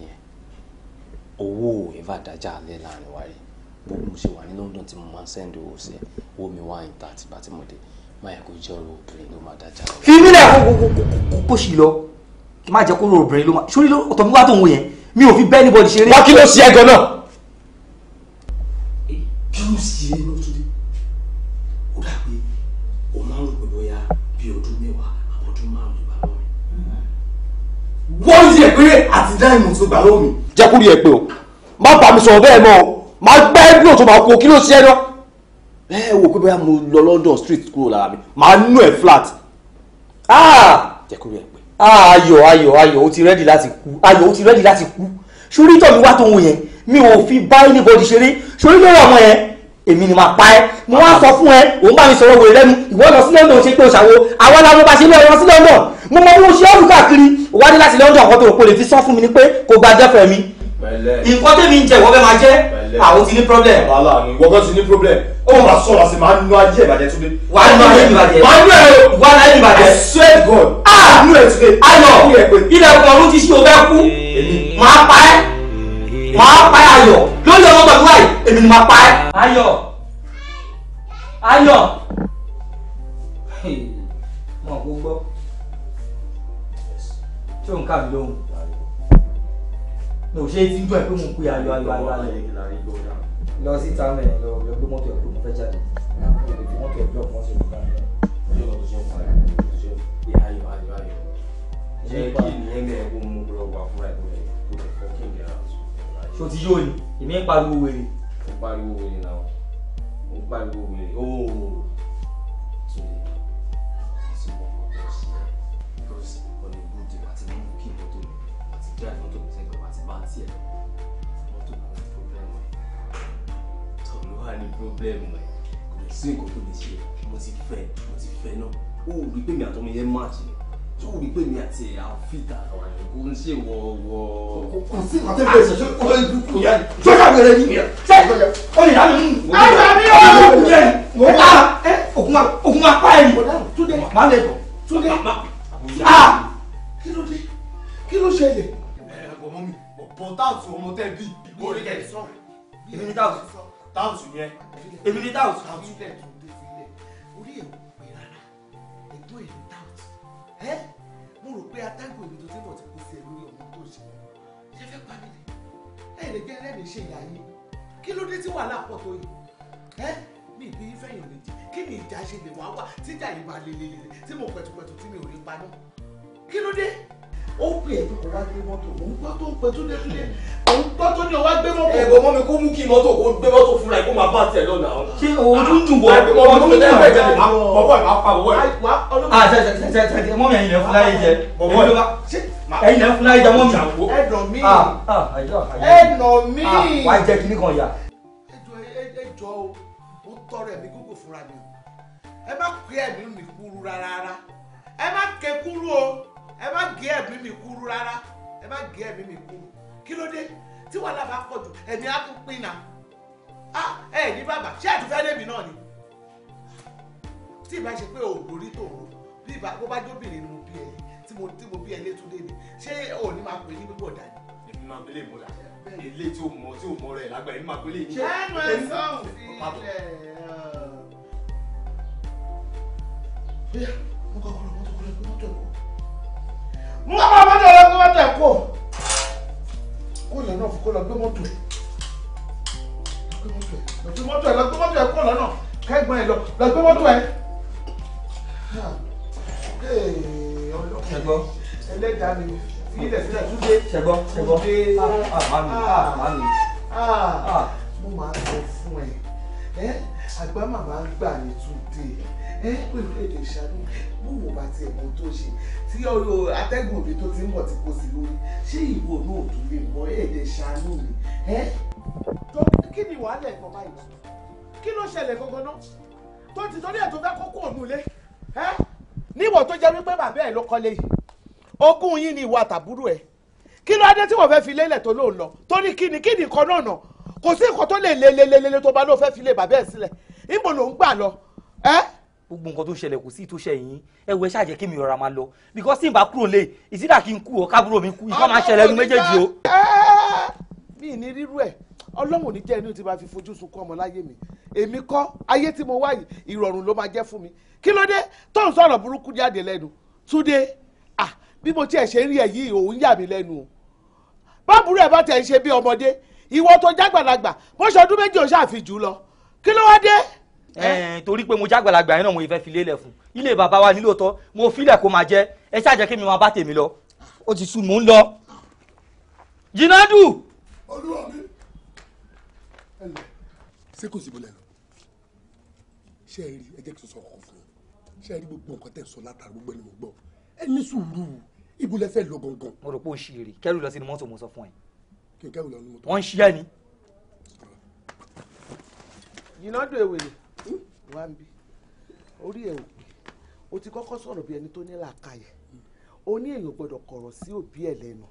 owó ìfà dájà alẹ́ láàrin wa rí gbogbo mo ṣe wà ní London tí mo máa ń sẹ́ndì owó sí owó mi wá ìta àti bàtí mo dé má yẹ kó jẹ́ ọ̀rọ̀ obìnrin ló máa dájà. fi mí lẹ̀ kó kó lọ kí má jẹ́ kó rò obìnrin ló máa sórí ọ̀tọ̀ mi wá tó ń wo yẹn mi ò fi bẹ́ẹ̀ ní bọ́ọ̀dì ṣeré. wá kí ló ṣe é gan-an. kí ló ṣe é lọ́tún ó dà pé o máa ń rò bóyá bíi ọdún mẹ́wàá àwọn márùn-ún ló bá lọ́rùn. wọ́n yẹ pé àtìdáyìn mo tún gbà lómi jẹ́kúrì ẹ̀ pé o má bá mi sọ̀rọ̀ bẹ́ẹ̀ mọ́ o má gbẹ́ ẹ̀dùn tó máa kó kí ló ṣe ẹ́ náà ẹ wò pé bóyá mo lọ London street kúrò lára mi màá nú ẹ̀ flat ah! jẹ́kúrì ẹ̀ pé ah, ayọ̀ ayọ̀ ayọ̀ o ti rẹ́dì láti kú ayọ̀ o ti rẹ́dì láti kú sórí ìtọ́ mi wá tó ń wò yẹn mi ò fi bá anybody ṣeré sórí lórí àwọn yẹn èmi ni màá pa ẹ́ mo wá sọ fún ẹ òun bá mi sọ̀rọ̀ wèrè lẹ́nu ìwọ lọ sí London ṣe pé o ṣàwo àwọn làwọn bá ṣe ilé ọ̀rọ̀ sí London mo mọ bí mo ṣe ọ̀rù káàkiri wá dé láti London ọ̀kan tó kò lè fi sọ fún mi ni pé kò gba jẹ́fẹ̀ mi nǹkan tèmi ń jẹ ìwọ fẹ́ máa jẹ́ àwọn ti ní problem. wàhálà ni ìwọ gan ti ní problem ó mà sọ̀rọ̀ sí máa nú ajé ìbàjẹ́ tó dé. wà á nú ayé ìbàjẹ́ wà á nú ẹ̀ wà á nú ayé ìbàjẹ́. I swear God. ah nú ẹ̀ tó dé. ayọ̀ ilẹ̀ ọ̀pọ̀ ọdún ti ṣí o bẹ́ẹ̀ kú màá pa ẹ́ máa pa ayọ̀ lórí ọmọ gbàdúrà yìí èmi ni máa pa ẹ́. ayọ̀ ayọ̀ mo ò gbọ́ tí ò ń kà mí lóhùn mi ò ṣe é ti ń dún ẹ pé mo pe ayọ̀ ayọ̀ ayọ̀ ayọ̀ lọ sí táwọn èèyàn lọ yọ pé mọ́tò mo fẹ́ jáde ìrètí mọ́tò ẹ̀kọ́ ọ̀pọ̀ sí ìlú kan ayọ̀ ayọ̀ ayọ̀ jẹ́ kí ni ẹgbẹ́ ẹ̀kọ́ mú gbọ́dọ̀ wà fúnra ẹ̀kọ́ rẹ̀ kó lè fọ́ kí n jẹ́ àwọn ṣó ti yóò ní èmi ń pariwo wèrè. ó pariwo wèrè náà ó pariwo wèrè ó tún lè sí ọmọ tó sí ẹ because ọ̀nà ìbòdì àti mímú kí mọ́tò mi àti jẹ́ àìmọ́tò mi sẹ́gbọ̀n àti bá tiẹ̀ mọ́tò mi ní pọ́blẹ́mù ẹ̀ tọ́ ló wà ní pọ́blẹ́mù ẹ̀ kò sí nǹkan tó lè ṣe mo ti fẹ́ mo ti fẹ́ náà ó rí pé mi àtọmọ yẹn máàcì ni tó wù mí pé mi àti ẹ̀ àfíìtà kò ń ṣe wọ wọ. kò sí ìkọ́tẹ́ bẹ́ẹ̀ ṣe kó lè dùn kù yẹn jọ́jà bẹ̀rẹ̀ ni ṣe ó lè dáná mú. àgbà mi ò lè kù yẹn mo bá òkun òkun máa pa ẹ̀yìn. túnde má lè bọ̀ túnde a kí ló dé kí ló ṣẹlẹ̀. ẹ ọmọ mi bọ̀ táàtù ọmọ tẹ́ bí. orí kẹ̀ sọ èmi ní táàtù táàtù yẹn èmi ní táàtù. orí ẹ̀ ẹ mo rò pé atágùn èmi tó tẹ́lọ̀ ti kú sí ẹ lórí ọmọ tó ṣe ṣe fẹ́ pa mí ni ẹ̀yìn lè gẹ́rẹ́ mi ṣe ìyá yín kí ló dé tí wàhálà pọ̀ tó yìí ẹ mi ìbí fẹ̀yìn méjì kí ni ìjà ṣe lè wá wà tíjà yìí máa lelelele tí mo pẹ̀tùpẹ̀tù tí mi ò rí paná kí ló dé ó pè é pé kò wá gbé mọ́tò òun gbọ́ tó ń pẹ́ túnde túnde òun gbọ́ tó ní o wá gbé mọ́tò. ẹ̀gbọ́n mọ́ kó mú kí mọ́tò kó gbé mọ́tò fúnra ẹ̀ kó máa bá tiẹ̀ lọ́nà. ṣé òun tún dùn bọ́ ẹ̀gbọ́n mọ́ mi tẹ́lẹ̀ bẹ́ẹ̀ jáde bọ́bọ́ ẹ̀ máa pa bọ́bọ́ ẹ̀. a ah, ṣe ṣe ṣe ṣe ṣe mọ́ mi ẹ̀yin lẹ́ fúláyé jẹ bọ́bọ́ ẹ̀yin lẹ́ fúláyé jẹ mọ́ mi. ẹ̀nà mi ah, ah, ẹ̀nà mi. wà á jẹ kíní kan yà. ẹjọ́ ó tọrọ ẹ̀mí gógó fúnra mi ẹ má pè ẹ̀mí mi kúrú rárá ẹ má kẹ kúrú o ẹ má gé ẹ̀mí mi kúrú rárá ẹ má gé ẹ̀mí mi kúrú kí ló dé tí wàhálà bá pọ̀ jù ẹ̀mí á tún pín náà ah ẹ ní bàbá ṣé àtúfẹ́ lèmi náà ni tí ìbá ṣe pé ò lórí tòrò bí ìbá bó bá jóbìnrin ni mo bí ẹyin tí mo tí mo bí ẹ létúndé ni ṣé ò ní máa pè ní bíbọ̀ dání. èmi máa gbélé ìmọ̀lá ilé tí o mọ tí o mọ rẹ lágbà èmi máa gbélé ìmọ̀lá. ẹnu ẹ sọ̀rọ̀ sí ilẹ̀. bóyá mo kọ́kọ́ lọ mọ́tò kọ́lẹ́ mọ́tò ẹ̀kọ́ n ká máa mọ́tò lọ gbé kó kó lọ náà kó lọ gbé mọ́tò ẹ̀ lọ gbé mọ́tò ẹ̀ lọ gbé mọ́tò ẹ̀ kó lọ́nà kẹ́gbọ́n ẹ̀ lọ lọ gbé mọ́tò ẹ̀. ṣẹgbọ́n ẹlẹ́dàá mi sílẹ̀ sílẹ̀ túnde ṣẹgbọ́n ṣẹgbọ́n àmàmì ah, ah, àmàmì. Ah, mo máa sọ fún ẹ àgbà màmá ń gbà ní túndé ẹ pẹ̀lú èdè ìṣàánú bóun bá ti ẹ̀kọ́ tó ṣe tí atẹ́gùn mi tó ti ń bọ̀ ti kó sí lórí ṣé ìwọ náà tún lè mọ èdè ìṣàánú mi. kí ni wàhálà ẹ̀kọ́ báyìí kí ló ṣẹlẹ̀ gangan náà tó ti torí ẹ̀ tó fẹ́ kókó òun ilé níwọ̀ tó jẹ́ wípé bàbá ẹ̀ ló kọ́lé yìí ogún yín ni ìwà tàbúrò ẹ̀ kí ló adé tí wọ́n fẹ́ fi lélẹ̀ tó lóun lọ torí kíni kíni kan náà náà kò sí nǹkan tó lè le tó bá ló fẹ́ fi lè bàbá ẹ̀ sílẹ̀ níbo ló ń gbà lọ ẹ́. gbogbo nǹkan tó ń ṣẹlẹ̀ kò sí ìtòṣẹ́ yìí ẹ wo ẹ ṣàjẹ́ kí mi rọra máa lọ because tí n bá kúrò lé ìsídà kí n kú o kábúrò mi kú ìfọ́ máa ṣẹlẹ̀ ẹnu méjèèjì o. mi ní rírú ẹ ọlọ́run ní jẹ́ inú tí máa fi fojú sunkún ọmọ láyé mi èmi kọ́ ayé tí mo wá yìí ìrọ̀rùn ló máa jẹ́ fún mi kí ló dé tó ń sọ̀rọ̀ burúkú jáde lẹ́nu túnde ah bí mo tiẹ̀ ṣe ń rí ẹ̀ yìí òun yà mí lẹ́nu o báàbúrò ẹ̀ bá tẹ̀ ń ṣe bí ọmọdé ìwọ tó jágbàlagbà bó ṣe ọdún méjì ò ṣàfi jù lọ kí ló wá dé. ẹ torí pé mo jágbàlagbà yẹn náà mo fẹ́ fi lélẹ̀ fún ilé bàbá wa nílò tọ́ mo filẹ̀ kó máa jẹ ẹ ṣáà jẹ́ kí mi máa bá tèmi lọ ó ti sùn mò ń lọ. Jinadu. olúwa mi ṣé kò sí ibo lẹ́nu ṣé ẹ rí ẹ jẹ́ kí n sọ ọkọ̀ fún un ṣé ẹ rí gbogbo nǹkan tẹ̀ sọ látara gbogbo ẹni mo gbọ́ ẹ sùúrù ibo lẹ lọ gangan. mo rò pé o ṣì rí kẹ́rù lọ sí ni mọ́tò mo sọ fún ẹ wọ́n ń ṣiṣẹ́ ni. yìnyín dùn èwèrè hm? wá ń bí orí ẹ̀ ò pé o ti kọ́kọ́ sọ̀rọ̀ bí ẹni tó ní làákàyè o ní èèyàn gbọ́dọ̀ kọ̀rọ̀ sí òbí ẹ̀ lẹ́nu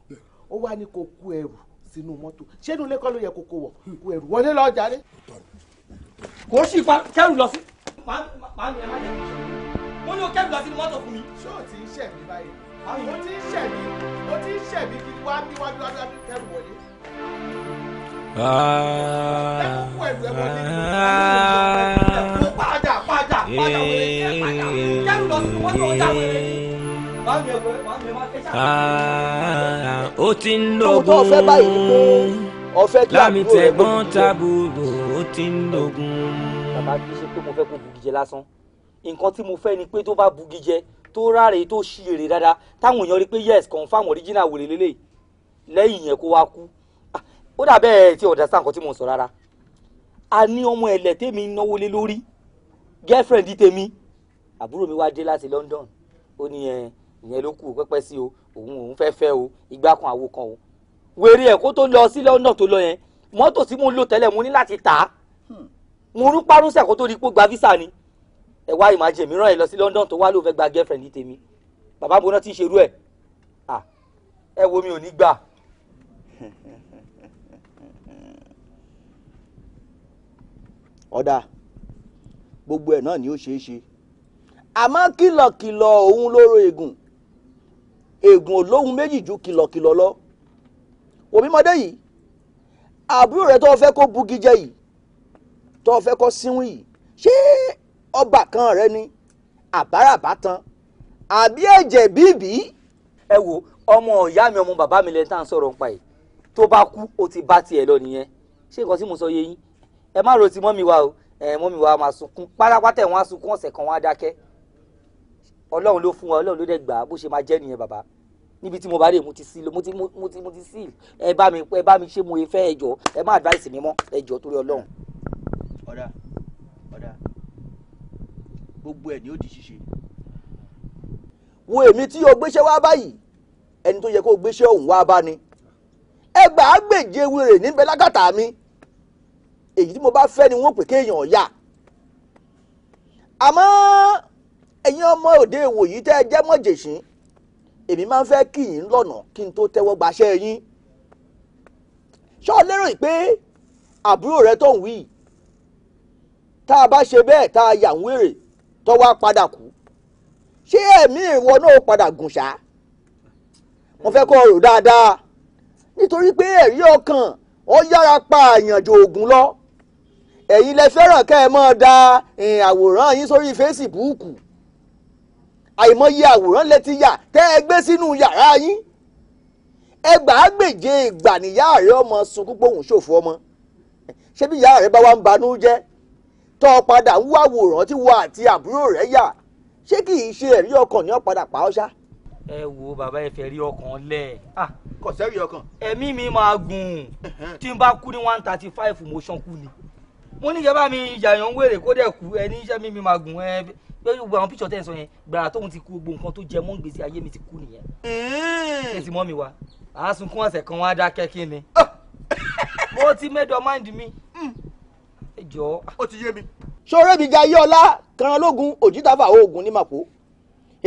ó wá ní kó kú ẹrù sínú mọ́tò ṣé inú ló yẹ kó kó wọ̀ hm. kú ẹrù wọlé lọ jàre. kò sí ipa kẹrù lọ sí. màá mi ẹ má jẹ kí mo ní o kẹrù lọ sínú mọ́tò fún mi. ṣé o ti ń ṣẹ̀ mí báyìí o ti ń ṣẹ̀ mí o ti ń ṣẹ̀ mí kí wá bí wá bí wá bí kẹrù wọlé. Ah, ó ti ń lógun lámì tẹ̀gbọ́n tàbúrò ó ti ń lógun. bàbá kì í ṣe pé mo fẹ́ kó bugijẹ lásán nǹkan tí mo fẹ́ ni pé tó bá bugijẹ tó ráre tó ṣí èrè dáadáa táwọn èèyàn rí pé yes confam original wèrè lélẹ̀ lẹ́yìn yẹn kó wá kú ó dàbẹ́ ẹ̀ tí ọ̀dà sáǹkọ́ tí mo sọ rárá a ní ọmọ ẹ̀lẹ̀ tèmi náwó lé lórí girlfriend tèmi àbúrò mi wá dé láti London ó ní ẹ ìyẹn ló kù pẹ́pẹ́ sí o òun òun fẹ́ fẹ́ o ìgbà kan àwo kan o wèrè ẹ̀ kó tó lọ sí London tó lọ yẹn mọ́tò tí mo ń lò tẹ́lẹ̀ mo ní láti tà á hmm. mo rún párúnsẹ̀ kó tó di pé gba visa ni ẹ wá imagine mi rán ẹ lọ sí London tó wá ló fẹ́ gba girlfriend tèmi bàbá mo náà ti ṣerú ẹ̀ ẹ wo mi ò ní gbà ọ̀dà gbogbo ẹ̀ náà ni ó ṣeé ṣe àmọ́ kìlọ̀kìlọ̀ òun lóró ègùn ègùn olóhun méjì ju kìlọ̀kìlọ̀ lọ òbímọdé yìí àbúrò rẹ tó fẹ́ kó bugi jẹ yìí tó fẹ́ kó síwìn yìí ṣé ọba kan rẹ ni àbáràbá tan àbí ẹ̀jẹ̀ bíbí. ẹ wo ọmọ ìyá mi ọmọ bàbá mi lẹ tá à ń sọ̀rọ̀ nípa yìí tó bá kú ó ti bá tiẹ̀ lọ nìyẹn ṣé nǹkan tí mo sọ yé yín ẹ má ro ti mọ́mi wa o ẹ mọ́mi wa máa sunkún pátápátá ẹ̀ wọ́n á sunkún ọ̀sẹ̀ kan wọ́n á dákẹ́ ọlọ́run ló fún wa ọlọ́run ló dẹ̀ gbà á bó ṣe máa jẹ́ nìyẹn bàbá níbi tí mo bá dé mo ti sí mo ti mo ti mo ti sí ẹ bá mi ẹ bá mi ṣe mo fẹ́ ẹ ẹ má advice mi mọ́ ẹ torí ọlọ́run. ọ̀dà ọ̀dà gbogbo ẹ̀ ni ó di ṣíṣe. wo èmi tí o gbéṣẹ́ wá báyìí ẹni tó yẹ kó o gbéṣẹ́ òun wá bá ni ẹgbàá gbèje wèrè níbẹ̀ lákàtà mi èyí tí mo bá fẹ́ ni wọ́n pè kéèyàn ọ̀yà àmọ́ ẹ̀yin ọmọ òde ìwòyí tẹ́ ẹ jẹ́ mọ̀jèṣín èmi máa ń fẹ́ kí yín lọ́nà kí n tó tẹ́wọ́ gbaṣẹ́ yín ṣọ́ lérò pé àbúrò rẹ tó ń wí tá a bá ṣe bẹ́ẹ̀ tá a yà ń wèrè tó wá padà kú ṣé ẹ̀mí ìwọ náà padà gùn ṣá mo fẹ́ kọ́ ọ̀rọ̀ dáadáa nítorí pé ẹ̀rí ọkàn ó yára pa àyànjò ògùn lọ ẹ̀yin lẹ fẹ́ràn kẹ́ ẹ máa da àwòrán yín sórí fésìbúùkù àìmọye àwòrán lẹ ti yà tẹ́ ẹ gbé sínú yàrá yín ẹgbàágbèje ìgbà níyà rẹ ọmọ sunkún pòun ṣòfò ọmọ ṣé bí ìyá rẹ bá wá ń banú jẹ́ tọ́ ọ padà ń wá àwòrán tí wọ́n àti àbúrò rẹ̀ yà ṣé kì í ṣe ẹ̀rí ọkàn ní ọ̀padà pa ọ́ ṣá. ẹ wo bàbá ẹ fẹ́ rí ọkàn lẹ̀. Ah, kò sẹ́rí ọkàn. ẹ̀mí mi máa gùn tí n bá kú ní one thirty five mo ṣàn kú ni mo ní ìjọba mi ìjàyàn ń wèrè kó dẹ̀ kú ẹni iṣẹ́ mi mi máa gùn ẹ pé gbogbo àwọn píṣọ̀ tẹ̀ ń sọ yẹn gbàrà tóun ti kú gbogbo nǹkan tó jẹ mọ́ gbèsè ayé mi ti kú nìyẹn. Hmm. ṣé ti mọ́ mi wá àásùnkún ọ̀sẹ̀ kan wá dákẹ́ kí ni. Ah! mo ti mẹ́dọ̀ máìndì mi. Hmm. ẹ jọ. ó ti yé mi. ṣoré mi ga iye ọlá kanran lógun òjìdáfà oògùn ní màpó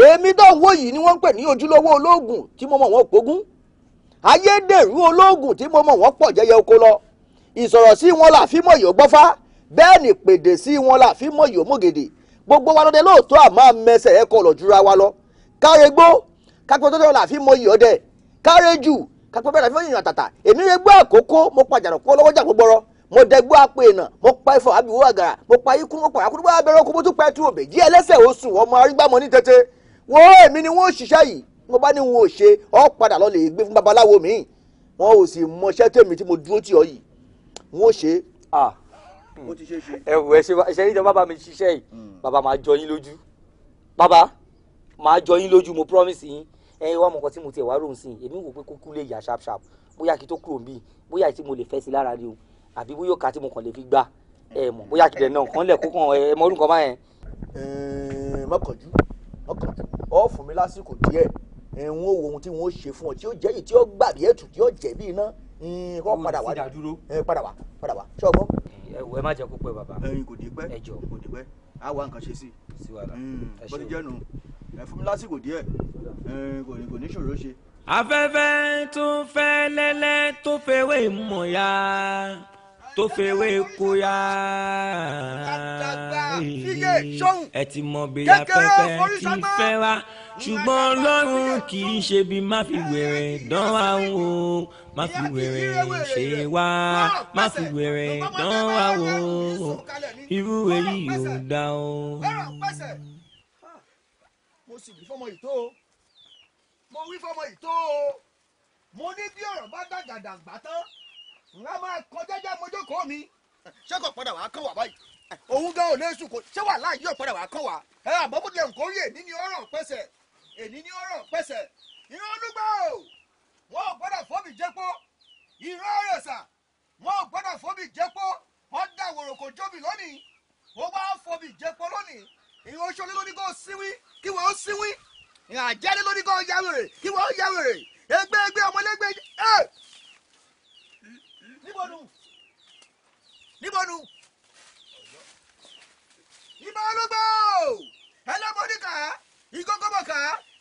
èmi tó ń yìí ni wọ́n ń pè ní ojúlówó olóògùn tí mo mọ̀ wọ́n pógún ayédèrú olóògùn tí mo mọ̀ wọ́n pọ̀ jẹyẹ oko lọ ìsọ̀rọ̀ sí wọn là fí mọ̀yọ́ gbọ́fá bẹ́ẹ̀ ni pèdè sí wọn là fí mọ̀yọ́ mọ̀gèdè gbogbo wa lọ́dẹ lóòótọ́ àmọ́ mẹsẹ̀ ẹ̀ kọ̀ lọ́júra wa lọ. kárẹ́gbó kápẹ́ tó dẹ̀ là fí mọ̀yọ́ dẹ̀ kárẹ́jù kápẹ́ bẹ́ẹ̀ là fí mọ̀yọ́ àtàtà èmi rẹ́gbó àkókò mo pàjàrà kó lọ́wọ́jà gbọ́gbọ́rọ́ mo dẹgbó apò èèna mo pa ifọ̀ àbíwò àgàrà mo pa ikú mo pa àkúrúgbó abẹ́rẹ́ okùn mo tún pa ẹtú òbè jí ẹlẹ́sẹ̀ oṣù ọmọ arígbàmọ́ ní tètè wo èmi ni wọ́n ṣiṣẹ́ yìí mo bá ní wọn ò ṣe ọ́ padà lọ lè gbé fún babaláwo mi wọn ò sì mọṣẹ́ tèmi tí mo dúró tì ọ́ yìí n ó ṣe à mo ti ṣe ṣe. ẹ wò ẹ ṣe ṣe ní ìjọba bá mi ṣiṣẹ́ yìí hmm. baba máa jọ yín lójú bàbá máa jọ yín lójú mo promise yín ẹyin wá mọ̀kàn tí mo tiẹ̀ wá ròhùn sí i èmi wò pé kúkú lè yà sharp sharp bóyá kí tó kúrò níbí bóyá tí mo lè fẹ́ sí lára ni o àbí bóyá òkà tí mo kàn lè fi gbà ẹ mọ̀ bóyá kìlẹ̀ náà kàn lẹ̀ kó kàn ẹ mọ orúkọ báyẹn. mọ́kànjú mọ́kànjú ọ fún mi lásìkò díẹ̀ n ó wo ohun tí n ó ṣe fún ọ tí ó jẹ́ yìí tí ó gbàgbé ẹ̀tù tí ó jẹ̀bi iná kọ́ padà wá padà wá padà wá ṣọ́gbọ́. ẹ má jẹ́ kó pẹ́ bàbá. ẹyin kò dé pẹ́ ẹjọ́ kò dé pẹ́ á wá nǹkan ṣe sí i. sí wàhálà hmm, ẹ lásìkò díẹ̀ kò ní ṣòro ṣe. afẹ́fẹ́ tún fẹ́ lẹ́lẹ́ tó fẹ́wé mọ̀ya tó fẹ́wé kóyà. ẹ ti mọ bíi afẹ́fẹ́ tí fẹ́ wá ṣùgbọ́n ọlọ́run kì í ṣe bí má fi wèrè dán wa wò má fi wèrè ṣe wá má fi wèrè dán wá wò ó irú èyí ò dá o. mo sì wí fọmọ ìtó o mo wí fọmọ ìtó o mo ní bí ọ̀rọ̀ bá dàgàdà gbà tán ńlá máa kọjá já mojókòó mi ṣé padà wàá kàn wá báyìí òun gan ò lè sùn kò ṣé wà láàyè ọ̀padà wàá kàn wá ẹ àbọ̀bọ̀dẹ̀ nǹkan rí èní ni ọ̀rọ̀ pẹ̀sẹ̀ èní ni ọ̀rọ̀ pẹ̀sẹ̀ ìran wọn ò gbọ́dọ̀ fóbi jẹ́pọ́ ìran òrìṣà wọn ò gbọ́dọ̀ fóbi jẹ́pọ́ wọn dà wòrò kò jóbi lónìí wọn bá fóbi jẹ́pọ́ lónìí ìran oṣù olólórí kò síwí kí wọn ó síwí ìran àjẹ́lé lórí kò ya wèrè kí wọn ó ya wèrè ẹgbẹ́ ẹ. níbo nu ìbọn ológbò ẹlẹ́mọ̀ọ́dún ìkókóbọ̀ká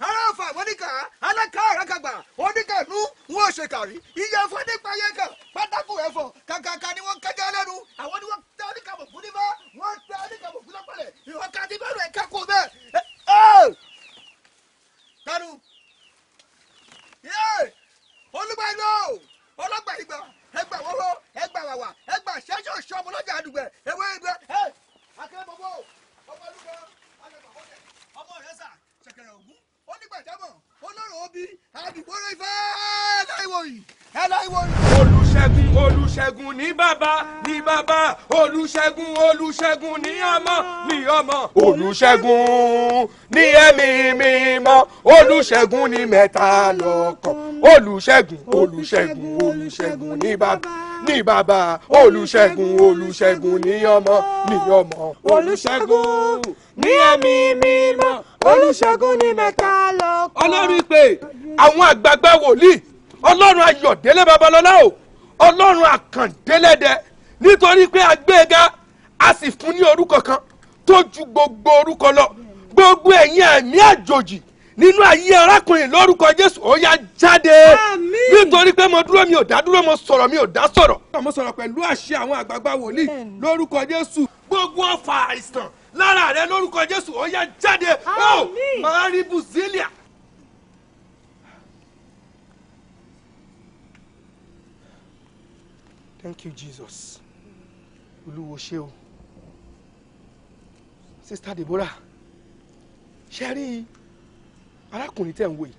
aráàfà wọ́nìkà alákà àràkàgbà oníkànú wọn ò ṣèkàrí iye fún nípa yẹkà pátákó ẹ̀fọ́ kàkàkà ni wọ́n kẹ́jẹ́ lẹ́nu àwọn ni wọ́n tẹ oníkàbọ̀ fún nífà wọ́n tẹ oníkàbọ̀ fún lọ́pọ̀lẹ̀ ìwọ́n ká ti bẹ̀rù ẹ̀ka bẹ́ẹ̀. kanu olúgbàgbọ́ ọlọ́gbà ìgbà ẹgbà wọ́wọ́ ẹgbà wàwà ẹgbà ṣẹ́ṣọ́ olùṣègùn ní bàbá ní bàbá olùṣègùn olùṣègùn ní ọmọ ní ọmọ. olùṣègùn ní ẹ̀mí mímọ́ olùṣègùn ní mẹ́ta lọ́kan olùṣègùn olùṣègùn olùṣègùn ní bàbá ní bàbá olùṣègùn olùṣègùn ní ọmọ ní ọmọ. olùṣègùn ní ẹ̀mí mímọ́ olùṣègùn ní mẹ́ta lọ́kan. ọlọ́run pé àwọn àgbààgbà wòlíì ọlọ́run ayọ̀délé babalọ́lá o ọlọ́run àkàndélẹ́dẹ nítorí pé agbẹ́ga e a sì fún ní orúkọ kan tó ju gbogbo orúkọ lọ gbogbo ẹ̀yin ẹ̀mí àjòjì nínú ayé arákùnrin lórúkọ jésù ó yá jáde nítorí pé mo dúró mi ò dá dúró mo sọ̀rọ̀ mi ò dá sọ̀rọ̀. mo sọ̀rọ̀ pẹ̀lú àṣẹ àwọn àgbààgbà wòlíì lórúkọ jésù gbogbo ọfà àìsàn lára rẹ lórúkọ jésù ó yá jáde ó máa rí bùsílíà thank you jesus olúwo ṣé o sista deborah ṣe rí arákùnrin tẹ̀ ń wò yìí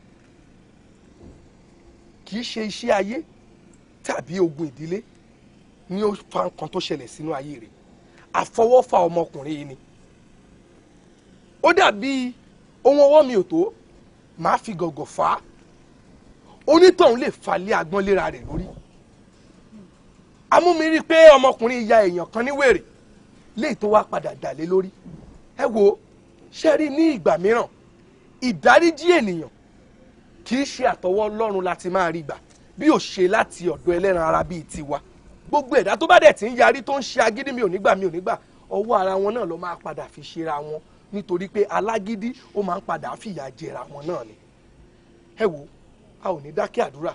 kì í ṣe iṣẹ́ ayé tàbí ogun ìdílé ni ó fa nǹkan tó ṣẹlẹ̀ sínú ayé rẹ̀ àfọwọ́fà ọmọkùnrin yìí ni ó dàbí ohun ọwọ́ mi ò tó màá fi gọ̀gọ̀ fà á onítọ̀hún lè falẹ̀ agbọ́n léra rẹ̀ lórí amúmirí pé ọmọkùnrin ya èèyàn kan ní wèrè léè tó wá padà dàlé lórí ẹ wo ṣe rí ní ìgbà mìíràn ìdáríjì ènìyàn kì í ṣe àtọwọ́ ọlọ́run láti máa rí gbà bí ò ṣe láti ọ̀dọ̀ ẹlẹ́ran ara bíi tiwa gbogbo ẹ̀dá tó bá dẹ̀ ti ń yarí tó ń ṣe agídí mi ò nígbà mi ò nígbà ọwọ́ ara wọn náà ló máa padà fi ṣera wọn nítorí pé alágídí ó máa ń padà fìyà jẹra wọn náà ni ẹ wo a ò ní dákẹ́ àdúrà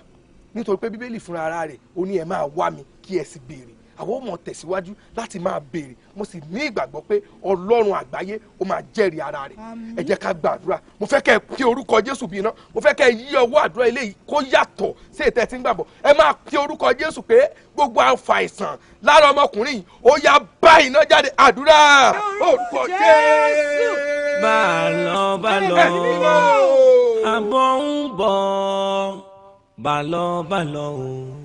nítorí pé bíbélì fúnra ara rẹ̀ ó ní ẹ máa wá mi kí ẹ sì béèrè àwọn ò tẹ̀síwájú láti máa béèrè mo sì ní ìgbàgbọ́ pé ọlọ́run àgbáyé ó máa jẹ́rìí ara rẹ̀ ẹ jẹ́ ká gbàdúrà mo fẹ́ kẹ́ ẹ pe orúkọ jésù bíi iná mo fẹ́ kẹ́ ẹ yí ọwọ́ àdúrà eléyìí kó yàtọ̀ sí ètò ẹtí ń gbàgbọ́ ẹ máa pe orúkọ jésù pé gbogbo àfàìsàn lára ọmọkùnrin yìí ó yá bá iná jáde àdúrà orúkọ jésù. bàlọ́ bàlọ́ àbọ̀ ń bọ̀ bàlọ́ bàlọ́ o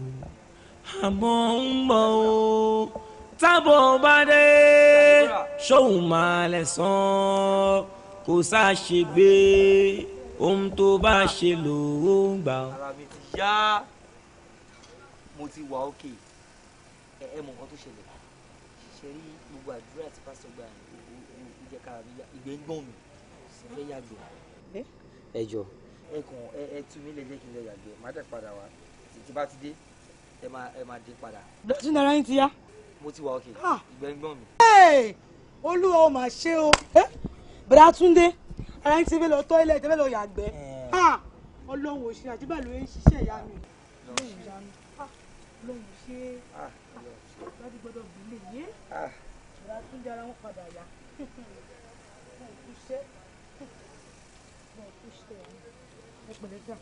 àbọ̀ ń bọ̀ o tábọ̀ bá dé ṣóun máa lẹ̀ sàn kò ṣàṣègbè ohun tó bá ṣe lòó gbà. ara mi ti mo ti wà òkè ẹ ẹ mọ nǹkan tó ṣẹlẹ̀ ṣe rí gbogbo àdúrà tí pásítọ̀ gbà ìjẹ́ kára mi ìgbẹ́ ń gbọ̀n mi sì fẹ́ yàgbẹ́. ẹ jọ. ẹ kàn ẹ ẹ tún mi lè jẹ́ kí n lọ yàgbẹ́ má dẹ̀ padà wá títí ti dé ẹ máa ẹ máa dín padà. tí nara yín ti yá. mo ti wà òkè ah. ìgbẹ́ngbọ́n mi. olúwa ò mà ṣe o bàdá túndé ara yín ti fẹ́ lọ tọ́ílẹ̀ tẹ́fẹ́ lọ yàgbẹ́ ah! ọlọ́run ò ṣe àjíbà ló ń ṣiṣẹ́ ìyá mi lóhùn ṣe ah! láti gbọ́dọ̀ bílẹ yé ìyá tún dára wọn padà yá wọn kú ṣe wọn ẹ pẹ̀lẹ́ jà.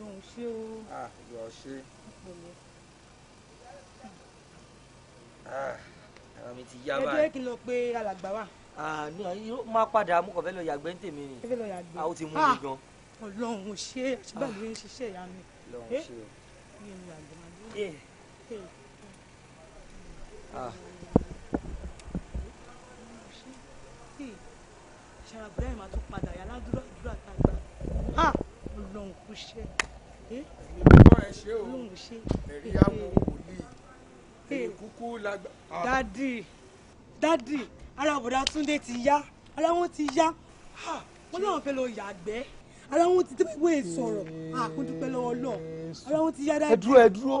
lòun ṣe o. ah lọ ṣe. ìpele. ah ara mi ti yá báyìí. ẹjọ́ kí n lọ pe alàgbà wa. àánú yóò máa padà mú kọ̀fẹ́ lọ yàgbẹ́ ń tèmi ni. kẹ́fẹ́ lọ yàgbẹ́. a ó ti mú mi gan. ọlọ́run ò ṣe é àṣìbàlù ń ṣiṣẹ́ ìyá mi. ọlọ́run ṣe o. ṣàràbùrẹ́ ìmọ̀ tó padà yàrá dúró àdúrà tá a gbà. Ọlọ́run kú ṣe. ẹ̀mí ẹ ṣe o ẹ̀rí àwọn wòlíì èyí kúkú lágbá. Ah. dádì dádì ara bọ̀dá Túndé ti yá ara wọn ti yá wọn náà fẹ́ lọ yàgbẹ́ ara wọn ti tẹ́wé sọ̀rọ̀ àkúndúpẹ́ lọ́wọ́ náà ara wọn ti yá dádì. ẹ dúró ẹ dúró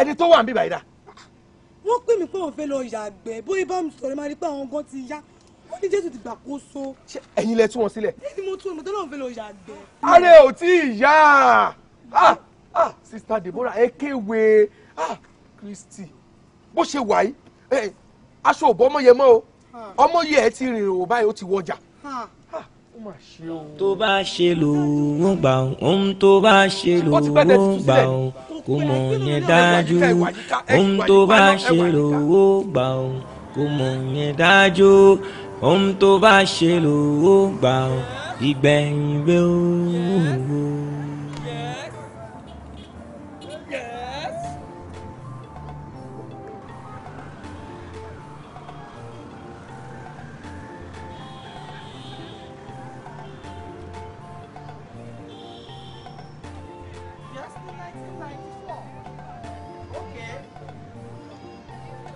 ẹni tó wà ń bíbà yìí dá. wọ́n pè mí pé òun fẹ́ lọ yàgbẹ́ bóyá bá mi sọ̀rọ̀ máa rí pé àwọn gan ti yá ó ní jésù ti gbàkóso. ẹ̀yin lẹ tú wọn sílẹ̀. ẹni mo tún ọmọ tó náà fẹ́ lọ yàgbẹ́. ààrẹ ò tí ì yá ah ah sista deborah ẹ kéwe ah kristi bó ṣe wà yìí aṣọ òbọ ọmọ yẹn mọ o ah. ọmọ yẹn ẹ ti rìn òwò báyìí ó ti wọjà ah. ah, tó bá ṣe lò wọ́n gbà ohun tó bá ṣe lò wọ́n gbà ohun kò mọ̀ yẹn dájú ohun tó bá ṣe lò wọ́n gbà ohun kò mọ̀ yẹn dájú ohun tó bá ṣe lówó gbà ó ìgbẹ̀yìn rẹ̀ ó.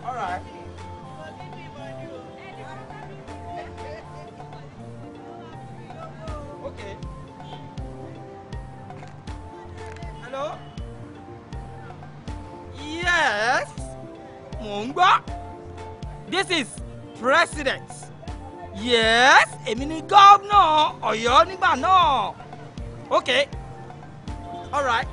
All right. this is president yes èmi ni gómìnà Ọ̀yọ́ nígbà náà okay all right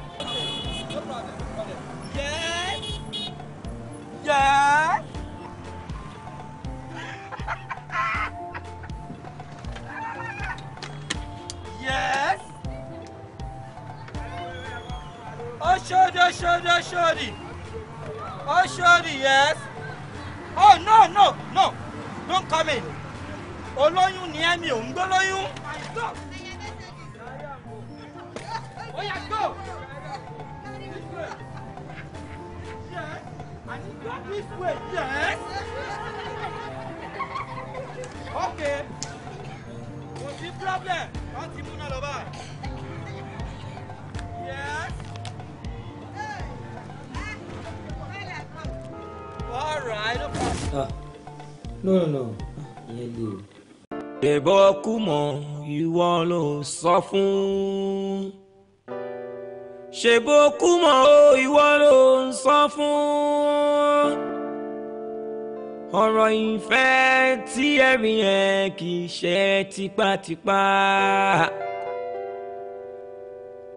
ọ̀rọ̀ ìfẹ́ tí ẹ̀rí yẹn kì í ṣe tipátipá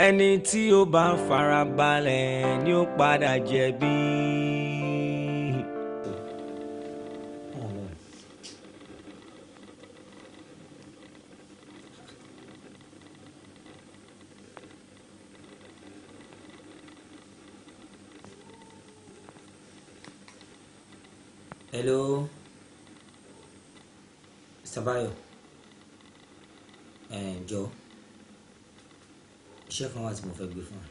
ẹni tí ó bá farabalẹ̀ ni ó padà jẹ̀bi. hello sabayo ẹ jọ iṣẹ́ kan wà tí mo fẹ́ gbé fún ẹ.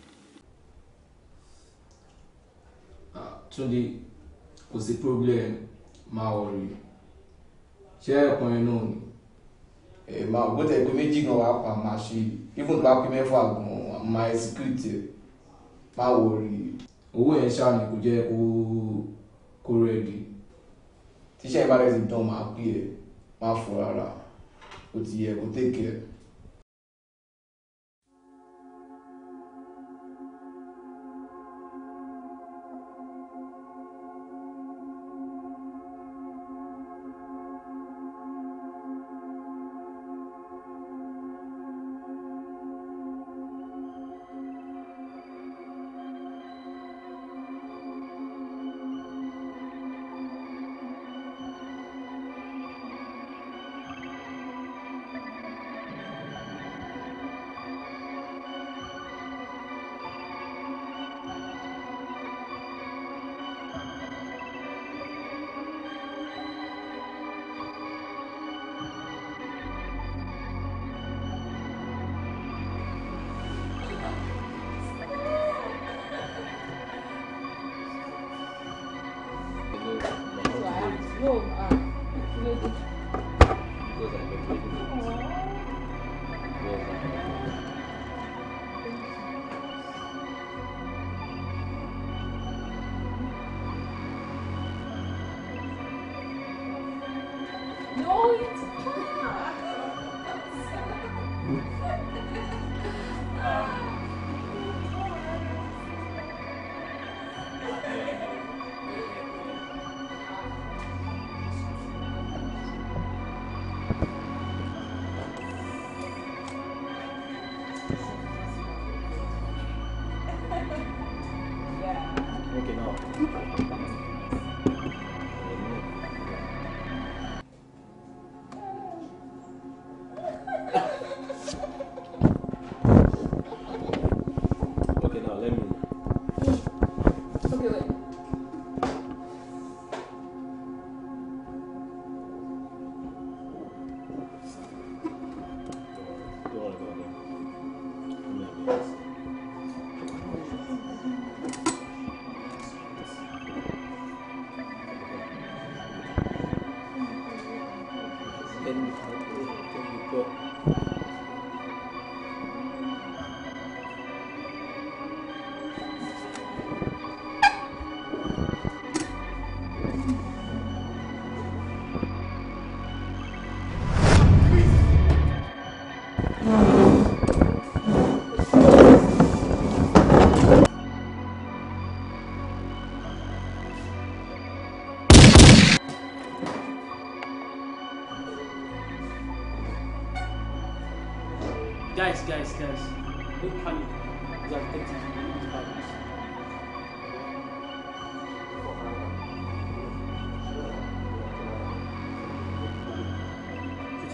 Túndé kò sí problem máa wọrí ṣé ọkùnrin náà ni èèmà ògbótẹ̀ pé méjì gan wà pa máa ṣe even gba pé mẹ́fà gan máa execute máa wọrí owó yẹn ṣáà ni kò jẹ́ kó kó rẹ̀ di tíṣẹ́ ìbálẹ̀ ti dán máa pè é má fọ rárá o ti yẹ kó take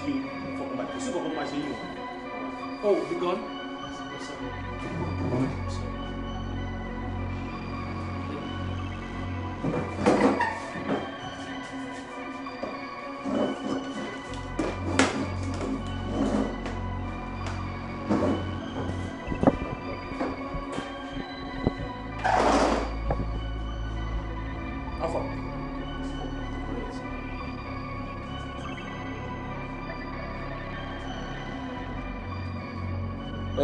ṣe ìfọkànbà kò sí ìfọkànbà ṣe yìí o. oh be gone.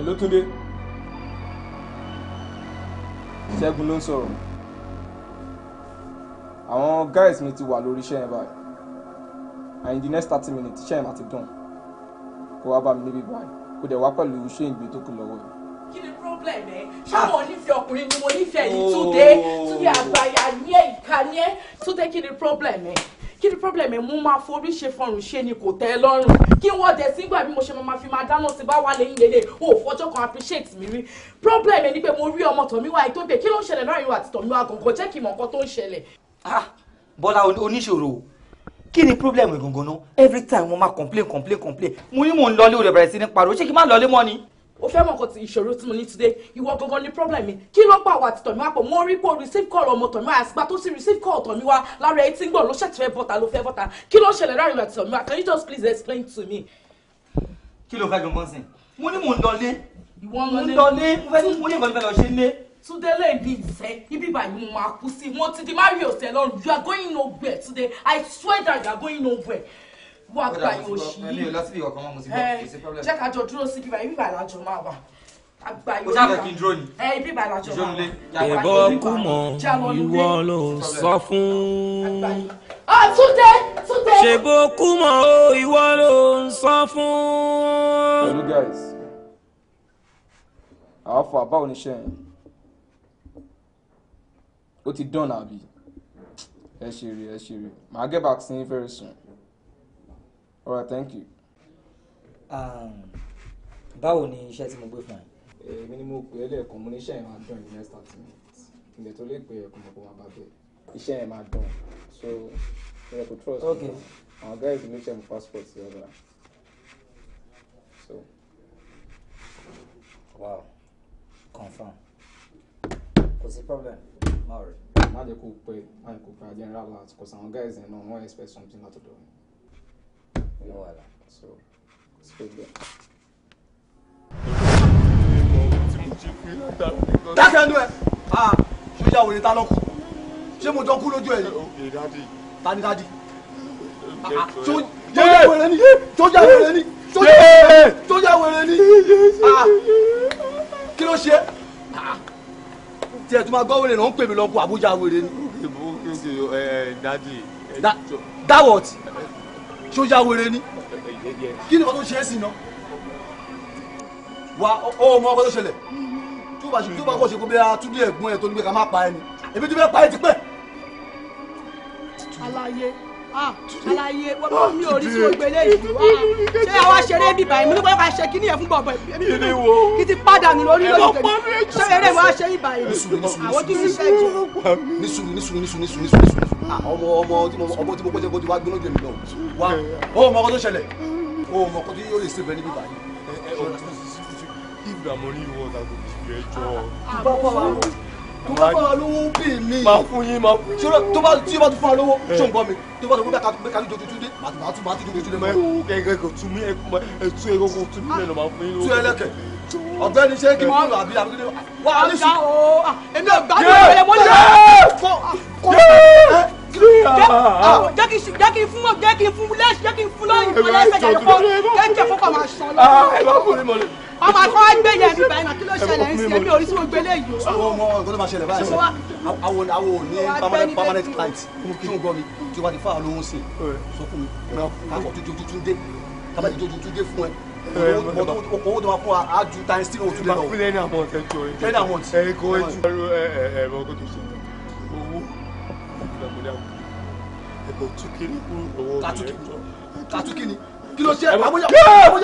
ló tún dé ṣẹ́gun ló ń sọ̀rọ̀ àwọn guys mi ti wà lórí iṣẹ́ yẹn báyìí and in the next thirty minutes iṣẹ́ yẹn máa ti dùn kó wá bá mi níbí báyìí kó dẹ̀ wá pẹ̀lú iṣẹ́ ìgbé tó kù lọ́wọ́ yìí. kí ni problem ẹ ṣáwọn ah! onífẹ́ ọkùnrin ni mo nífẹ̀ẹ́ yìí túnde túnde àgbáyà ní ẹ̀ ìka ní ẹ̀ túnde kí ni problem ẹ kí ni problem ẹ̀ mú máa forí ṣe fọrùn ṣe ni kò tẹ́ ẹ lọ́rùn kí wọ́n dẹ̀ sígbà bí mo ṣe máa fi máa dáná sí bá wà lẹ́yìn lélẹ̀ o ò fọjọ́ kan appreciate mi rí problem ẹ̀ ni pé mo rí ọmọ tọ̀míwá ètò ìbẹ̀ kí ló ń ṣẹlẹ̀ láàrin wa àti tọ̀míwá gangan jẹ́ kí mọ̀ nǹkan tó ń ṣẹlẹ̀. Ah, bọ́lá oníṣòro kí ni problem gangan náà every time mo máa complain complain complain mo ní mò ń lọlé òde bẹ̀rẹ̀ sí ní pariwo ṣé kí n má lọlé mọ́ ni o fẹ́ mọ̀ nǹkan ti ìṣòro tí mo ní today ìwọ gangan ni problem mi kí ló gbà wà títọ̀ mi wá pọ̀ mo rí pé o receive call ọmọ tọ̀ mi wá àsìgbà tó sì receive call tọ̀ mi wá lára ẹ tí ń gbọ̀ ló ṣẹ̀ fẹ́ bọ́ta ló fẹ́ bọ́ta kí ló ṣẹlẹ̀ láàrin ìwà mi wá can you just please explain to me. kí ló fẹ́ gbọ́n sìn mo ní mò ń lọlé mo ń lọlé mo ní nǹkan tí mo fẹ́ lọ ṣe lé. Today lè bí ìfẹ́ ibi báyìí mo máa kú sí mo ti are going nowhere today I swear that you are going nowhere bó àgbà yóò ṣí i jẹ́ ká jọ dúró sí bíbá ibi ìbàlá máa wà àgbà yóò ṣá ẹ ibi ìbàlá máa wà. ìbọn kú mọ ìwọ ló sọ fún. Ah, Túndé Túndé. ṣèbó kú mọ ìwọ ló ń sọ fún. pẹ̀lú guys àwọn afọ àbá oníṣẹ́ yẹn ó ti dán àbí ẹ ṣe rí ẹ ṣe rí màá get back sí very soon all right thank you. Um, báwo ni iṣẹ́ tí mo gbé fún ẹ. èmi ni mo pè é lẹ́ẹ̀kan mo ní iṣẹ́ yẹn máa dán in next thirty minutes ilẹ̀ tó lè pè é kó mo kó bá bẹ̀ iṣẹ́ yẹn máa dán so ẹ kò trust okay. me our guys ló ṣe mi passport sí ọ̀dọ̀ so. wow confirm. kò sí problem má rẹ̀. má jẹ́ kó pẹ́ má jẹ́ kó pẹ́ àjẹrà alert cause àwọn guys yẹn náà wọ́n expect something látọ̀dọ̀ mi you know wàhálà so it's good there. dákẹ́ ẹnu ẹ̀ ah, ṣé ìyàwó ni ta ló kù ṣé mo jọ kú lójú ẹ̀ ni ta ni dádì jọjà wẹrẹ ni jọjà wẹrẹ ni jọjà wẹrẹ ni ah, kí ló ṣe tiẹ̀ ah, tó máa gbọ́ wẹrẹ náà ń pè mí lọ́kùn Àbújá wẹrẹ ni. Eh, dáwọ̀ tí ṣó ya wèrè ni kí ni wọ́n tó ṣe é sí ná wa ọmọ ọmọ tó ṣẹlẹ̀ tó bá tó bá kọ́ ṣe kó bí a tún ní ẹ̀gbọ́n ẹ̀ tó ní pé ká má pa ẹni èmi tó fẹ́ pa ẹ ti pẹ́. alaye alaye wọ́n mi ò rí sí ògbélé ìlú ṣé àwa ṣeré bí báyìí mo ní bọ́lá ká ṣe kí ni ẹ̀ fún bọ̀bọ̀ èmi kì í ti padà nù lórí lórí tèmi ṣé eré wa ṣe ìbàyìí àwọn tó ní ṣe jù. nísùrù nísùrù nísùrù nísùrù nísùrù nísùrù ọmọ ọmọ tí mo ọmọ tí mo kọ́ṣẹ́ kó ti wá gbóná jù mí lọ wá ó mọ ọkọ tó ṣẹlẹ̀ ó mọ ọkọ tí yóò lè ṣèbẹ̀ níbí báyìí. if na money you want i go give you ẹjọ. tó bá fà wá lówó tó bá fà wá lówó bíi mi. máa fún yín máa fún yín. tó bá tí o bá tún fún wa lówó ṣó ń gbọ́ mi tó bá tún bẹ́ẹ̀ ká tún bẹ́ẹ̀ ká ní jọ tuntun dé màá tún bá tún jọ tuntun dé mọ́. ẹ kẹ́kẹ́ kò tún mí ẹ tún ẹ kó tún mí lẹ́nu máa fún yín lówó. tún ẹ lẹ́kẹ̀ẹ́ ọ̀gbẹ́ni ṣé kí wọn lọ àbí àbí wà á ní sùn. èmi ò gbádùn ìwé wọn lè kó kó jẹ́ kí n fún jẹ́ kí fún lẹ́sì jẹ́ kí fún lọ́yìn fún lẹ́sẹ̀ jẹ́ kó jẹ́ kí ẹ̀fọ́ kọ̀ máa sọ lọ́wọ́. ọmọ akọ́ gbé yẹn mi báyìí náà kí ló ṣẹlẹ̀ ń sìn ẹ̀mí orí tí mo gbé léyìí. àwọn ọmọ ọgbọ́n tó máa ṣẹlẹ̀ báyìí sọ àwọn àwọn ò permanent permanent client kí n mi tí o bá ti fáwọn lóhùn sí i sọ fún mi kakọ̀ tuntun tuntun dé tabajì tuntun tuntun dé fún ẹ oh, tó máa fún wa á ju times three òtún lẹ́nà. ìbáfúnlẹ̀ ní àwọn ọ̀sẹ̀ tó ẹjọ́ ẹ̀dá wọn. ẹ kò ẹjú ẹ̀rọ kò tó ṣe owó ìgbàgbọ́dá ẹ̀bọ̀ tún kiri kú owó ìgbàgbọ́dá. kàtúkì ni kí ló ṣe àbójà àbójà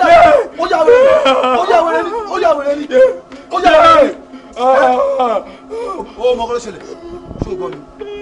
ọjà wẹrẹ ni ọjà wẹrẹ ni ọjà wẹrẹ ni ọjà wẹrẹ ni. ó mọ kọ́ ló ṣẹlẹ̀ ṣó gbọ́ mi.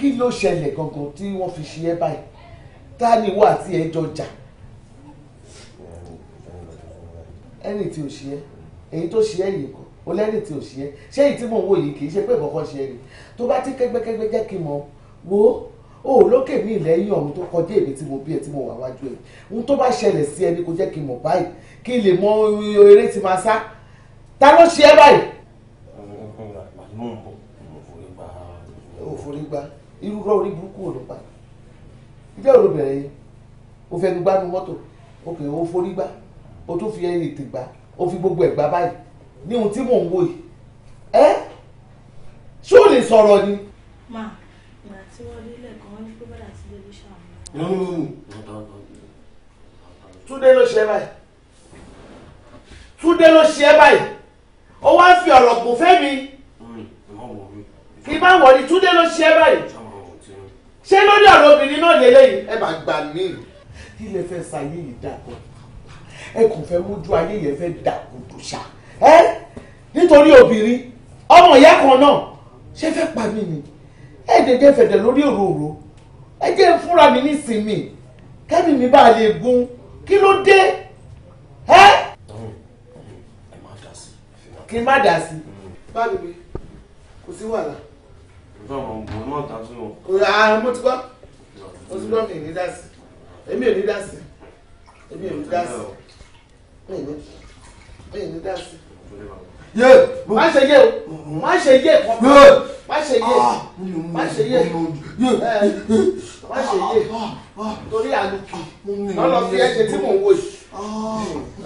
kí ló ṣẹlẹ̀ gangan tí wọ́n fi ṣe ẹ́ báyìí ta ni wà tí ẹ jọ jà ẹni tí ò ṣe ẹ́ èyí tó ṣe ẹ́ yìí kọ́ o lẹ́ni tí ò ṣe ẹ́ ṣé èyí tí mò ń wò yìí kì í ṣe pé kọ́kọ́ ṣe ẹ́ ni tó bá ti kẹ́gbẹ́kẹ́gbẹ́ jẹ́ kí n mọ̀ wo o ò lókè mí lẹ́yìn ọ̀run tó kọjá èmi tí mo bí ẹ tí mo wà wájú ẹ ohun tó bá ṣẹlẹ̀ sí ẹni kò jẹ́ kí n mọ̀ báyìí kí n lè mọ eré tí máa sá ta ló ṣe ẹ́ báyìí irú rọ orí burúkú ò ló pa ìjọ òru bẹ̀rẹ̀ yẹn o fẹ́ gbá nu mọ́tò o kì í o forí gbá o tún fi ẹyìn ètè gbá o fi gbogbo ẹ̀ gbá báyìí ní ohun tí mò ń wò yìí ẹ ṣé o lè sọ̀rọ̀ ni. mà ìgbà tí wọ́n rí lẹ́kọ̀ọ́ wọn ní pípẹ́ àti ilé ṣàmùlò. Hmm. túndé ló ṣe báyìí túndé ló ṣe báyìí ó wá fi ọ̀rọ̀ gùn fẹ́ mi kí hmm, n bá wọ̀ ni túndé ló ṣe báyìí ṣé lórí ọ̀rọ̀ obìnrin náà lélẹ́yìí. ẹ bá gbà mí. ilé fẹ́ sáyé yìí dàgbọ́ ẹ kò fẹ́ mójú ayé yẹn fẹ́ dàgbòdò ṣá ẹ nítorí obìnrin ọmọ ìyá kan náà ṣé fẹ́ pa mí ni ẹ dédé fẹ̀dẹ̀ lórí òróró ẹ jẹ́ fúnra mi nísìnyí kẹ́mi mi bá lè gun kí ló dé ẹ. kí n má dà sí. báyìí kò sí wàhálà báwọn ọmọ náà ta sí wọn. kò yà mo ti gbọ́ mo ti gbọ́ mi ní dásì èmi ò ní dásì èmi ò ní dásì mi ní mi ní dásì. yé má ṣe yé o má ṣe yé kọ́kọ́ má ṣe yé má ṣe yé má ṣe yé torí àlùkù lọ́lọ́ fi ẹ̀jẹ̀ tí mò ń wò yìí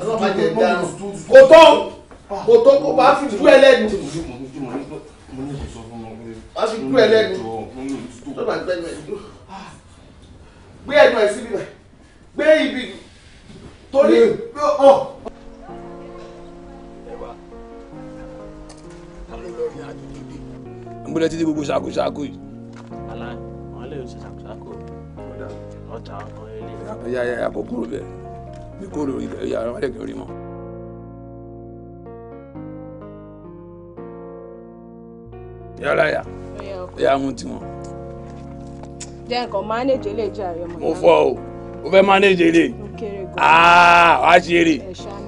ọlọ́pàá jẹ̀ dànù kò tó kò tó kò bá fi dú ẹlẹ́nu. mo ní kò sọ fún wọ́n fi kú ẹlẹ́nu lọ́ba gbẹ́nu ẹ̀ dúró gbé ẹnu ẹ̀ síbi bẹ̀ gbé ibi torí ọ̀. n bolo títí gbogbo ṣakoṣako yìí. ala wọn lè ṣe ṣakoṣako ọjà ọkọ ilé. ya kò kúrò bẹ́ẹ̀ mi kúrò ìyá rẹ wọn lè kí n rí mọ. yàrá yà yà mú tiwọn. jẹ́ nǹkan manage lè jẹ́ ààrẹ mọ̀. mo fọ o o fẹ́ mánéjì lè wá ṣe eré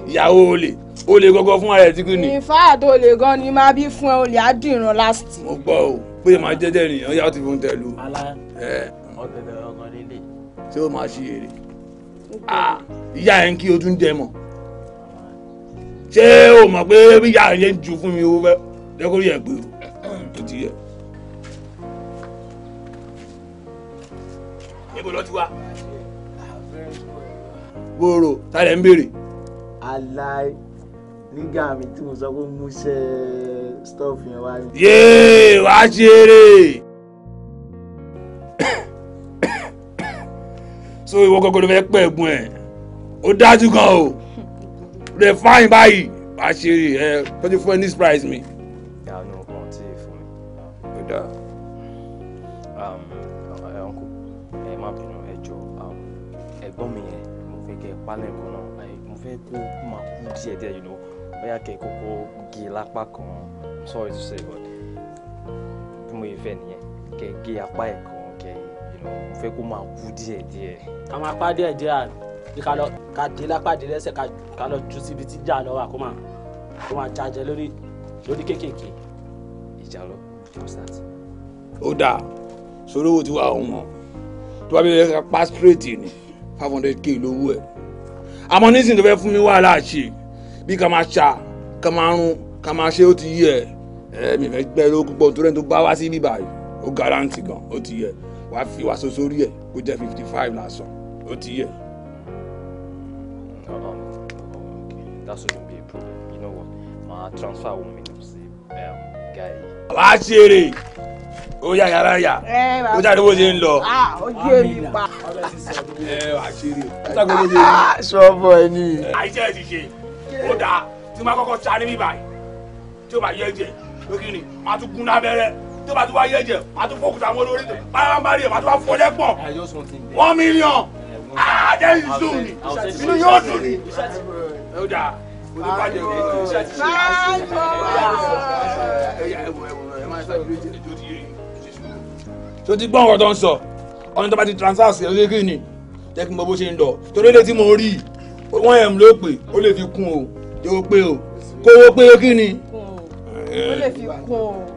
ìyàwó olè olè gọ́gọ́ fún ààrẹ tí kò ní. ìfáàdó olè gan ni máa bí fún ẹ olè á dìran lásìtì. mo gbọ́ o pé màá jẹ́jẹ́ ènìyàn yàtọ̀ tí mo ń tẹ̀lú. ọ̀tẹ̀tẹ̀ ọkàn líle. ṣé o máa ṣe eré ìyá ẹ̀ ń kí o tún jẹ mọ́ ṣé o mọ̀ pé bí ìyá ẹ̀ ń ju fún mi o fẹ́ jẹ́ kó rí ẹ̀ pé o ti yẹ. níbo lọ ti wá. gbòòrò ta lẹ ń béèrè. aláì nígbà mi tí mo sọ pé mo ṣe yẹn wá ní. yéè wá ṣe eré. so ìwọ gọgọ ló fẹ́ pẹ ẹ̀gbọ́n ẹ ó dájú gan o rẹ fáyìn báyìí wá ṣe eré ẹ tọ́jú fún ẹ ní surprise mi. Um, uncle ẹ má bínú ẹ jọ̀ọ́ um, ẹ̀gbọ́n mi yẹn mo fẹ́ kẹ́ ẹ pálẹ̀ kan náà mo fẹ́ kó máa kú díẹ̀ díẹ̀ yìí lọ bóyá kẹ́ ẹ kókó gé lápá kan sorry to say but bí mo yẹ fẹ́ nìyẹn kẹ́ ẹ gé apá ẹ̀ kan kẹ́ ẹ mo fẹ́ kó máa kú díẹ̀ díẹ̀. àwọn apá díẹ̀ díẹ̀ à ká lọ ká dé lápá dé lẹ́sẹ̀ ká lọ tú síbi tí jà lọ wà kó máa kó máa jajẹ lórí lórí kéékèèké. ìjà lọ ó dáa sórí owó tí wàá wọn tó bá bẹ̀rẹ̀ ká pa straight ni five hundred k lówó ẹ̀ àmọ́ nísìnyí tó fẹ́ fún mi wàhálà ṣe bí ká máa ṣá ká máa rún ká máa ṣe ó ti yí ẹ̀ mi fẹ́ gbẹ́ ló púpọ̀ torí ẹni tó bá wá sí bíbá yìí ó garanti gan ó ti yẹ wàá fi wàásù sórí ẹ̀ kó jẹ́ fifty five lásán ó ti yẹ. That shouldn't be a problem. You know what? My transfer won't mean to see um, guy wá ṣeré ó yà yàrá yà ó jáde bó ṣe ń lọ. ojú èmi pa. ẹ wà ṣeré ó tàgbé bó ṣe ń lọ. sọ́ọ̀bù ah, ẹ ní. àìsí ẹ̀ ti ṣe ó dáa tí wọ́n kọ́kọ́ sáré mi báyìí tí ó bá yẹ jẹ lókè ni màá tún gún lábẹ́rẹ́ tí ó bá tún wá yẹ jẹ màá tún fòkúta mọ́ lórí báyọ̀ bá rí ẹ̀ màá tún wá fọ́ lẹ́pọ̀n one million àdéhùn ah, zoom ni inú yóò dùn ni ó dáa oníbàdàn ní ìlú iṣẹ́ ti ṣe tó ti gbọ́n ọ̀rọ̀ tó ń sọ ọ̀nà tó bá ti transfer sí ọdún kìíní jẹ́ kí n mọ bó ṣe ń lọ torí lè tí mo rí wọ́n ẹ̀ ń ló pè ó lè fi kún o yóò pé o kó owó pé kí ni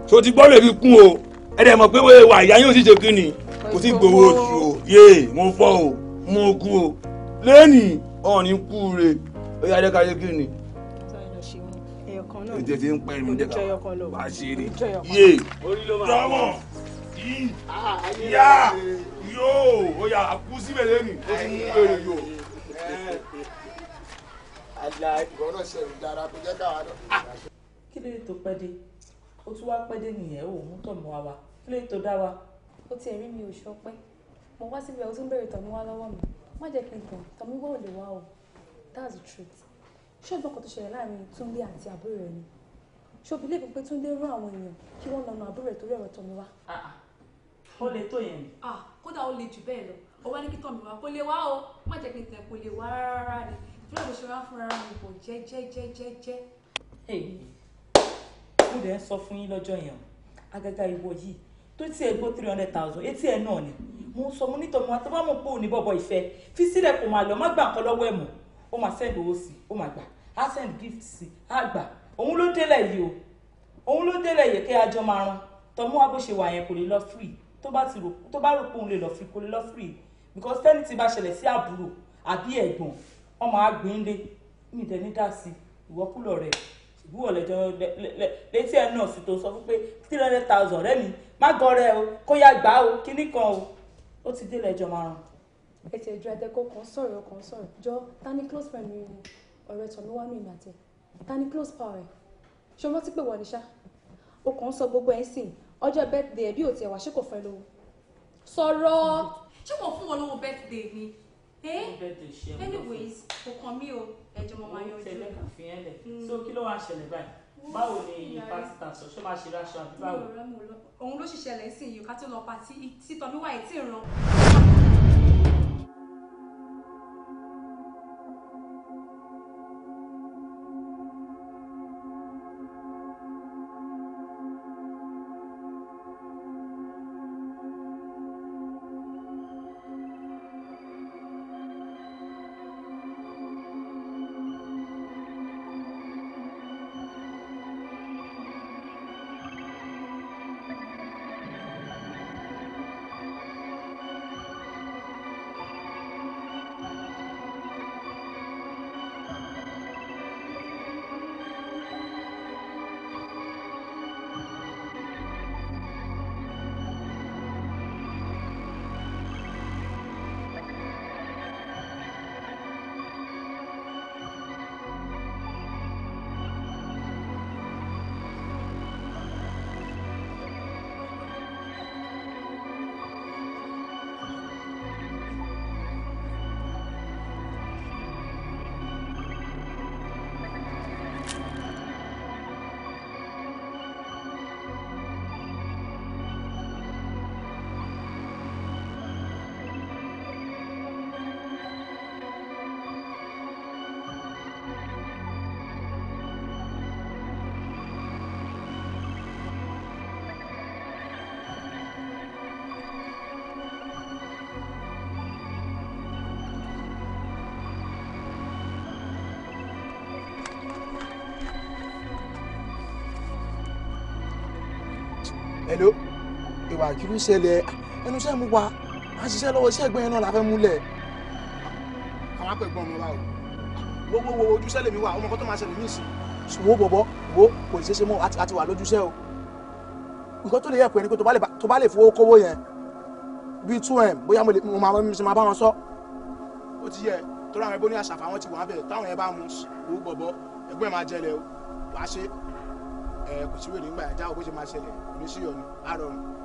tó ti gbọ́ lè fi kún o ẹ̀rẹ̀ mọ̀ pé wà ìyá yóò sì ṣe kí ni kò sí gbowó oṣù o yé mo fọ́ o mo kú o lẹ́nìí ọ̀ọ́nì kú re ó yá dẹ́ka ṣe kí ni jẹ ti ń pẹ mi jẹ ká ṣe eré yé dọwọ yìí yá yóò ó yà kú síbẹ̀ lẹ́nu ó ti mú èrè yóò. kí ló tó pẹ́ dé ó tún wá pẹ́ dé nìyẹn ò mú tọ̀ mọ́ wa kí ló tó dá wa. ó ti ẹ̀rí mi ò ṣọpẹ́ mo wá síbi ẹ̀ ó tún bèrè tọ̀mí wá lọ́wọ́ mi má jẹ́ kí n tàn tọ̀mí wá ò lè wá o that's the truth ṣé ìgbọ́n kan tó ṣẹlẹ̀ láàrin túnlé àti àbúrò rẹ̀ ni ṣé òbí lèbi pé túnlé rán àwọn èèyàn kí wọ́n lọ́nà àbúrò rẹ̀ torí ọ̀rọ̀ tọ̀mí wá. Ah, ah. ó le tó yẹn. Ah, kódà ó le jù bẹ́ẹ̀ lọ ó wá ní kí tọ̀mí wá kó lè wá o má jẹ́ kí n tẹ̀ kó lè wá rárá ni fúlẹ̀ bó ṣe wá fúnra rẹ̀ mi bò jẹ́jẹ́jẹ́jẹ́. mo dẹ̀ ń sọ fún yín lọ́jọ́ yẹn àgàgà ìwọ yìí tó tiẹ̀ gbó three hundred thousand etí ẹ̀ náà ni mo sọ mo nítọ̀ mo àtọ́wọ́mọ̀ pé òní bọ̀bọ̀ ìfẹ́ fi sílẹ̀ kò máa lọ má gbà nǹkan lọ́wọ́ ẹ̀ mọ́ ó máa send owó sí ó máa gbà á send gift sí á gbà òun ló délẹ̀ yìí o òun ló délẹ̀ yìí kí ajọ́ máa ran tọmú wa bó ṣe wà yẹn kò lè lọ free tó bá rò pé òun lè lọ free kò lè lọ free because tẹ́ni ti bá ṣẹlẹ̀ sí àbúrò àbí ẹ̀gbọ́n ọmọ àgbínlé mi dẹ̀ ní dàsí ìwọ́kúlọ̀ rẹ̀ ìbúwọ̀ lẹ́jọ́ létí ẹ̀ náà sì tó sọ fún pé three hundred thousand ọ̀rẹ́ mi má gọrẹ o kó yá gbà o kíní kan o ó ti dé lẹ́jọ́ márùn-ún ẹsẹ̀ ìjọ àtẹkọ kan sọ̀rọ̀ kan sọ̀rọ̀ jọ ta ni close friend mi ọ̀rẹ́ tọ̀ mi wá nù ìmọ̀ àtẹ ta ni close power. ẹ̀ ṣé wọ́n ti pè wọ́n ní ṣá o kàn ń sọ gbogbo ẹ̀ ń sìn ọjọ́ birthday ẹ̀ bí ò tiẹ̀ wá ṣé kò fẹ́ lówó sọ̀rọ̀. ṣé wọn fún wọn lówó birthday ni anyways kò kàn mí o ẹjọ́ mo máa yanjú. tẹlẹ kà hmm. so kí ló wàá ṣẹlẹ̀ báyìí báwo ni pásítà sọ ṣé máa ṣe ráṣọ àbí báwo. òun ló ṣiṣẹ́ lẹ́sìn yìí ká tó lọ pa tí tọ́míwá ẹ̀ tí ì ràn. wà kí ló ṣẹlẹ̀ ẹnu iṣẹ́ mi wà á ṣiṣẹ́ lọ́wọ́ iṣẹ́ ẹgbẹ́ yẹn náà la fẹ́ múlẹ̀. àwọn akẹ́gbọ́n mi wà o gbogbo wo ojúṣe lèmi wà ọmọ kan tó máa ṣẹlẹ̀ ní ìsìn. wo bọ̀bọ̀ wo kò ṣeé ṣe mọ́ àti wà lójúṣe o nǹkan tó lè yẹ pé ni pé tó bá lè fowó kówó yẹn bíi two m bóyá mo máa ṣe máa bá wọn sọ. ó ti yẹ tọ́lá àwọn ẹbí ní àṣàfà wọn ti wà bẹ̀ táwọn yẹn bá mu wo bọ̀bọ̀ ẹgbẹ́ máa jẹlẹ̀ o wàá ṣe ẹ kò sí wèrè nígbà yẹn táwọn bó ṣe máa ṣẹlẹ̀ kò ní sí ìyọnu á rọrùn.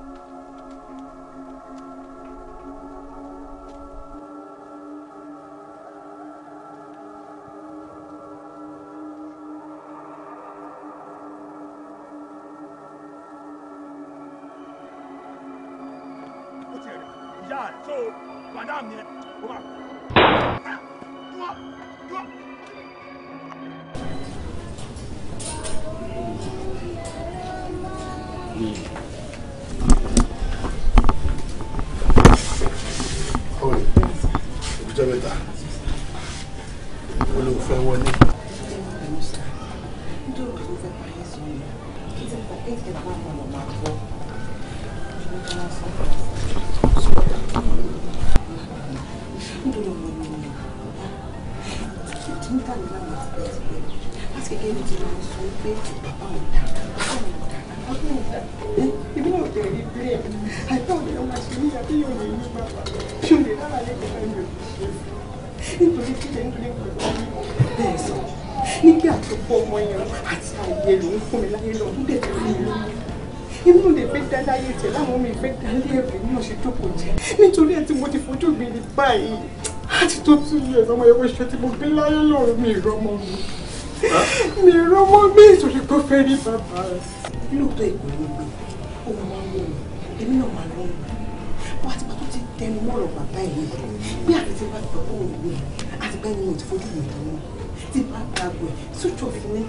ojú mi ní báyìí láti tó tún yẹ ọmọ yẹn kó ṣe tí mo bí láyé lọ́rùn mi ìrọmọ mi mi ìrọmọ mi ìtòrí pé fẹ́ rí bàbá rẹ̀. lóòótọ́ èkó ló gbé òun máa ń wò ó èmi náà máa lọ́wọ́ wọ́n àti pàtó ti tẹnu mọ́ ọ̀rọ̀ bàbá ẹ̀ yìí bí àtẹ̀tẹ̀ bá gbọ́ òun wò àti bẹ́ẹ̀ ni mo ti fojú mi dánwò tí bá gbàgbọ́ ẹ̀ sójú òfin ní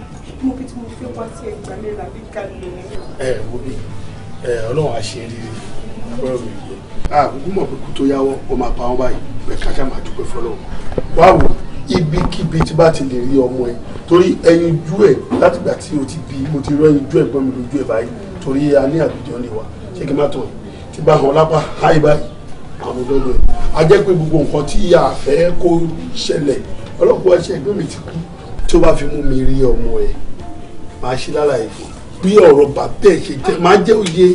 mo bí tí mo fẹ́ wá sí ẹgbàá lẹ́la ní kálí. ẹ wo bí ọlọ́run àṣẹ rírì ọ̀rọ̀ àkókò ah, mọ̀ pé kú tó yáwọ́ ó máa pa wọn báyìí bẹ́ẹ̀ ká ṣáà máa dúpẹ́ fọlọ́wọ́ wá wò ibikíbi tí bá ti lè rí ọmọ ẹ torí ẹyin ojú ẹ látìgbà tí o ti bí mo ti rọ ẹyin ojú ẹ gbọ́n mi lójú ẹ báyìí torí a ní àlùjọ ni wa ṣé kí n má tọ̀ ti bá hàn lápá háì báyìí àwọn ọdọọdọ ẹ a jẹ́ pé gbogbo nǹkan tí ìyá àfẹ́ kó ṣẹlẹ̀ ọlọ́pàá ẹṣẹ ẹgbẹ́ mi ti kú tí ó bá fi mú mi rí ọmọ ẹ máa ṣe lálàyé fún un bí ọ̀rọ̀ bá tẹ̀ ṣe jẹ́ máa jẹ́ òye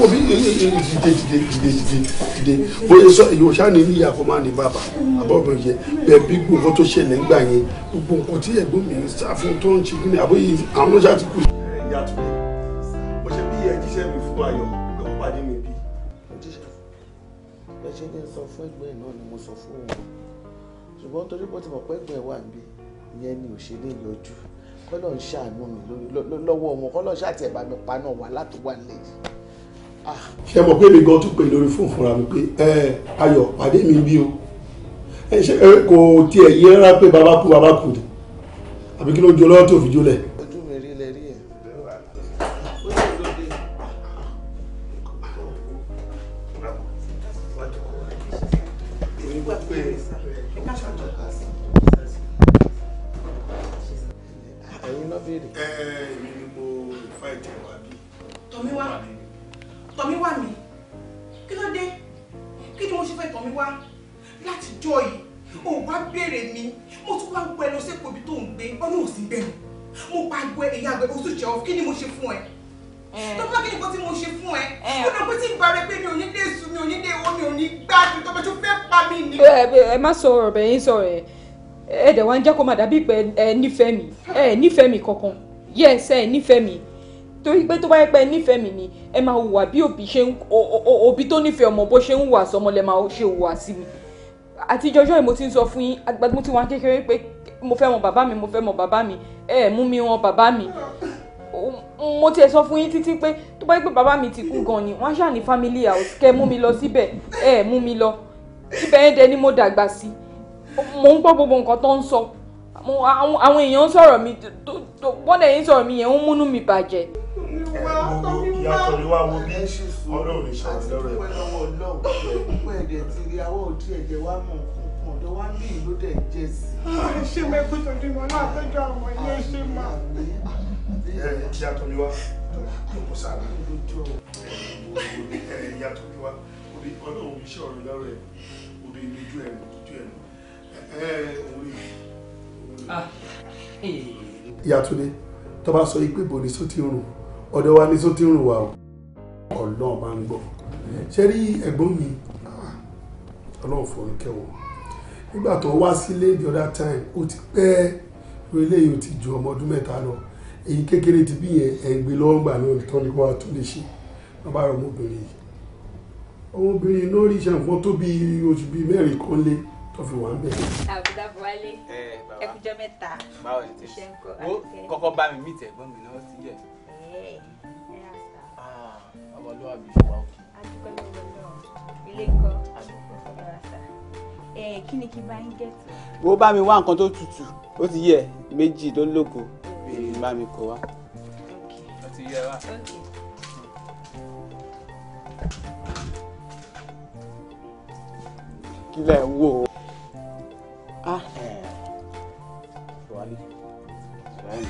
wọ́n bí dìde dìde dìde dìde dìde bóyá sọ èyí ò sáni ní ìyàfọ́ máa ní bàbá àbọ̀bọ̀ yẹ bẹ́ẹ̀ bí gbogbo tó ṣẹlẹ̀ ń gbà yẹn gbogbo nǹkan tí ẹ̀gbọ́n mi ń sá fún tó ń ṣe kí ni àbóyè àwọn ṣáà ti kú. ìyá tó yẹ mo ṣe bí ẹ jíṣẹ́ mi fún ayọ̀ lọ́wọ́ pàdé mi bí. ẹ ṣe ní sọ fún ẹgbẹ́ náà ni mo sọ fún wọn ṣùgbọ́n torí bó ti mọ̀ pẹ́gbẹ́ wà níbi ìyẹn ni ò ṣe ní ìyọjú kọ́lọ̀ ń ṣàánú mi lọ́wọ́ wọn kọ́lọ̀ ṣàtì ẹ̀bá mi paná wà láti wà lè. Ah. ṣé mo pé mi gan tún pè lórí fún fúnra mi pé ẹ ayọ̀ pàdé mi bí o kò tiẹ̀ yẹ pé bàbá kú ni àbí kí ló jọ lọ́wọ́ tó fi jólẹ̀. sọ̀rọ̀ bẹ̀yìn sọ̀rọ̀ ẹ̀ ẹ̀ dẹ̀ wá ń jẹ́ kó má dàbí pé ẹ nífẹ̀ẹ́ mi ẹ nífẹ̀ẹ́ mi kankan yes ẹ nífẹ̀ẹ́ mi torí pé tó bá yẹ pé ẹ nífẹ̀ẹ́ mi ni ẹ máa hùwà bí òbí ṣe ń òbí tó nífẹ̀ẹ́ ọmọ bó ṣe ń hùwà sọmọ lẹ máa ṣe hùwà sí mi àtijọ́ ọjọ́ yìí mo ti ń sọ fún yín agbadun mo ti wá kékeré pé mo fẹ́ mọ bàbá mi mo fẹ́ mọ bàbá mi ẹ mú mi wọn bàbá mi mo tiẹ̀ sọ fún yín títí pé tó bá yẹ pé bàbá mi ti kú gan ni wọ́n ṣáà ní family house kẹ́ mú mi lọ síbẹ̀ ẹ ẹ mú mi lọ ibẹ̀ yẹn dẹ ni mo dàgbà sí i mo ń gbọ́ gbogbo nǹkan tó ń sọ àwọn èèyàn ń sọ̀rọ̀ mi wọ́n dẹ̀ ń sọ̀rọ̀ mi yẹn ń múnú mi bàjẹ́. ìyá torí wá wo bí ọ̀rọ̀ òní ṣàwọn lọ́rọ̀ ẹ̀. àti pẹ̀lú ọlọ́run pẹ̀lú ẹ̀dẹ̀ ti rí àwọn òdì ẹ̀jẹ̀ wa mọ̀ ọ̀dọ̀ wa ní ìlú dẹ̀ jẹ́ sí. ṣé mẹ́kú tòdì mọ́ náà tọ́jú àwọn ilé ṣe máa. ìyá torí wá kò sára. ìyá torí wá ìyá Túndé tó bá sọ pé bò ní sọ ti rùn ọ̀dọ̀ wa ní sọ ti rùn wa o Ọlọ́run bá ń gbọ́ ṣe rí ẹ̀gbọ́n mi Ọlọ́run fòrò kẹwọ nígbà tó wá sílé the other time ó ti pẹ́ eléyìí ó ti ju ọmọ ọdún mẹ́ta lọ èyí kékeré ti bí yẹn ẹgbẹ́ lọ́wọ́ gbà náà nìkan ni wọ́n á tún lè ṣe wọ́n bá rọ ọmọbìnrin yìí ọmọbìnrin náà rí ṣàǹfọ́n tó bí oṣù bíi mẹ́rin kan lé tó fi wà ń bẹ̀. àbúdá buwálé ẹkújọ mẹ́ta iṣẹ́ ń kọ́ àtẹ. kọ́kọ́ bá mi mí tẹ̀gbọ́n mi náà sí yẹ. ọmọlúwàbí wa òkè. adúgbò lọ́wọ́ náà ilé ń kọ́ kí ni kí n bá yín gẹ̀tù. wo bá mi wá nǹkan tó tutù ó ti yẹ méjì tó lóko bá mi kó wá. ó ti yẹ wá. kí lẹ̀ ń wò ó ah Eh, eh, wálé báyìí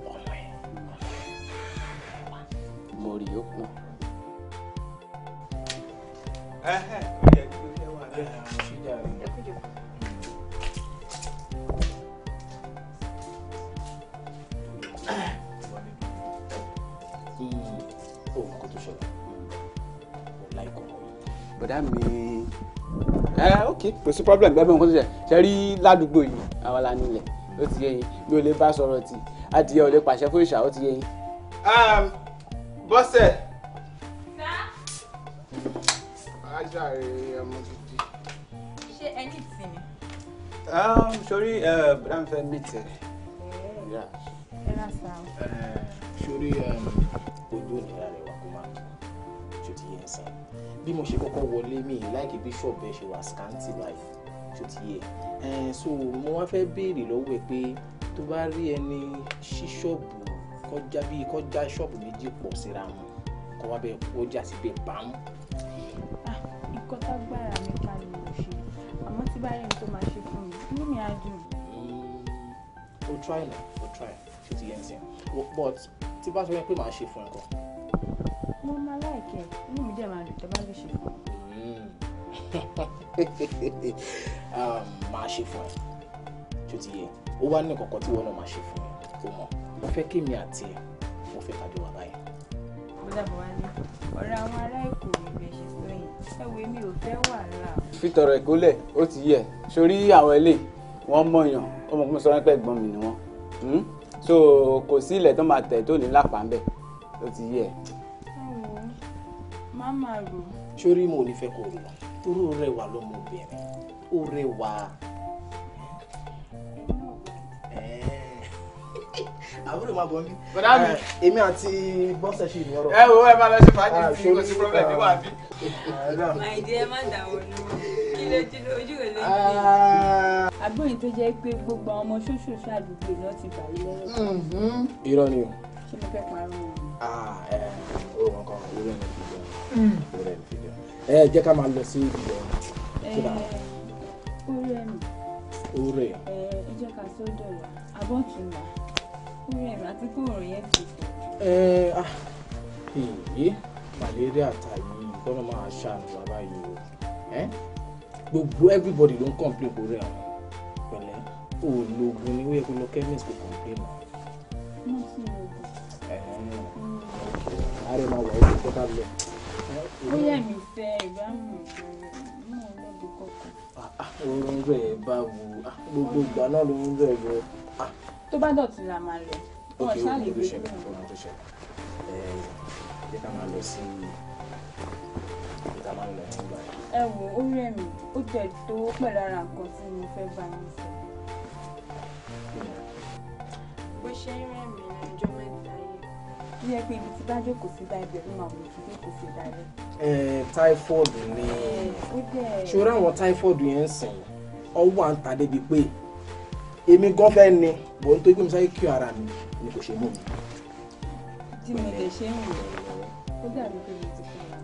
ọmọ ẹ mo rí ó kún. bọ̀dá mi ẹ ok kò sí problem bẹ́ẹ̀ bẹ́ẹ̀ nǹkan tó ṣe ṣe rí ládùúgbò yìí àwọn la nílẹ̀ ó ti yé yín mi ò lè bá sọ̀rọ̀ tì adìyẹ ò lè pàṣẹ fún ìṣà ó ti yé yín. Um, bọ́sẹ̀. ajáre ọmọ gidi. ṣé ẹ ní tì mí. sori bùdá mi fẹ́ ní tẹ̀. Eh, ẹ rà sori eh, um, ojú ò nira wà kó má tó ti yẹ ẹ sẹ́yìn bí mo ṣe kọ́kọ́ wọlé mi láìkí bishop ẹ ṣe wà scanty life ṣó ti yẹ so mo wá fẹ́ béèrè lọ́wọ́ ẹ pé tó bá rí ẹni ṣí ṣọ́ọ̀bù kọjá bíi kọjá ṣọ́ọ̀bù méjì pọ̀ síra wọn kọ́ wá bẹ́ẹ̀ kọjá sí bẹ́ẹ̀ bá mú. Ah, nǹkan tágbára mi ká ni mo ṣe àmọ́ tí bá rí ẹni tó máa ṣe fún mi inú mi á dùn. Hmm, o try na o try ṣó ti yẹ ẹ sẹ́yìn but tí bá sọ yẹn pé màá ṣe fún ẹ kọ́ mo máa láìkẹ́ inú mi dẹ̀ máa dùn tẹ́ bá lè ṣe fún hmm. mi. Ah, máa ṣe fún ẹ tó ti yẹ ó wá ní kọ̀ọ̀kan tí wọn náà máa ṣe fún mi ó mọ̀ mo fẹ́ kí mi àti ẹ mo fẹ́ kájọ wà báyìí. mo dábọ̀ wá ní ọ̀rọ̀ àwọn ará èkó ìbẹ̀ ṣe sọ yìí ẹ̀wẹ̀ ò fẹ́ wàhálà. fìtọ̀rọ̀ ìkólẹ̀ ó ti yẹ sórí àwọn eléyìí wọ́n mọ̀yàn ó mọ̀ pé sọ wọn pẹ́ gbọ́n mi ni wọ́n hmm? so kò sí ilẹ̀ tó máa tẹ̀ tó ní lápá ń ó ti yẹ. máma rò. sórí mo ní fẹ́ kó rò torí ó rẹwà lọ́mọbìnrin ó rẹwà. àbúrò máa bọ̀ mí. bọ̀dá mi. èmi àti bọ́sẹ̀ ṣì ní ọ̀rọ̀. ẹ wo ẹ máa lọ ṣe fàájì tí ah, kò sí problem ní wàá bí. Ah, ah. màìdí ẹ má dà wọ́n nù tó jẹ́ pé gbogbo ọmọ ṣoṣooṣo àdúgbò náà ti bà í mm-hmm. irọ́ ni o. ṣé mo fẹ́ parọ́ wọn ẹ ah, eh, oh, hmm. eh, jẹ́ ká máa lọ sí ìlú ọ̀hún. Eh, orí ẹ̀mí. orí ẹ̀. ẹ jẹ́ ká sódò rẹ̀ abọ́túnlá orí ẹ̀mí àti kóòrò yẹn ti tẹ̀. ẹ ah èyí malaria tàyí kọ́nà ma ṣàánú bàbá yìí o gbogbo everybody ló complain orí àwọn pẹ̀lẹ́ òòlù oògùn ni ó yẹ kó lọ chemist kò complain. mo ti lò ó àárẹ̀ máa wà ó kó ká lọ. bóyá mi fẹ́ ìbámu mọ̀ lọ́dún kọ̀ọ̀kan. oorun ah, ah, rẹ̀ bá wo ah, gbogbo ìgbà náà ló ń rẹ̀ lọ. tó bá dọ̀tí la máa lọ. ó kì í ó kì í tó ṣẹlẹ̀ ó kì í tó ṣẹlẹ̀ jẹ́ ká máa lọ sí ìta máa wo orí ẹ̀mí ó jẹ́ tó pẹ̀lú ara nǹkan tí mo fẹ́ bá yín sọ. bó ṣe ń rẹ̀ mí tó yẹ pé ibi tí bá jókòó sí báyìí ló máa wù tí jókòó sí báyìí. ẹ typhoid ni ṣòro àwọn typhoid yẹn ń sìn ọwọ́ à ń ta débi pé èmi gan fẹ́ ni bọ̀ nítorí pé mo sáré kí ara mi ni kò ṣe mú mi. tí mi lè ṣe ń wò ó dàbí pé mo ti fẹ́ ra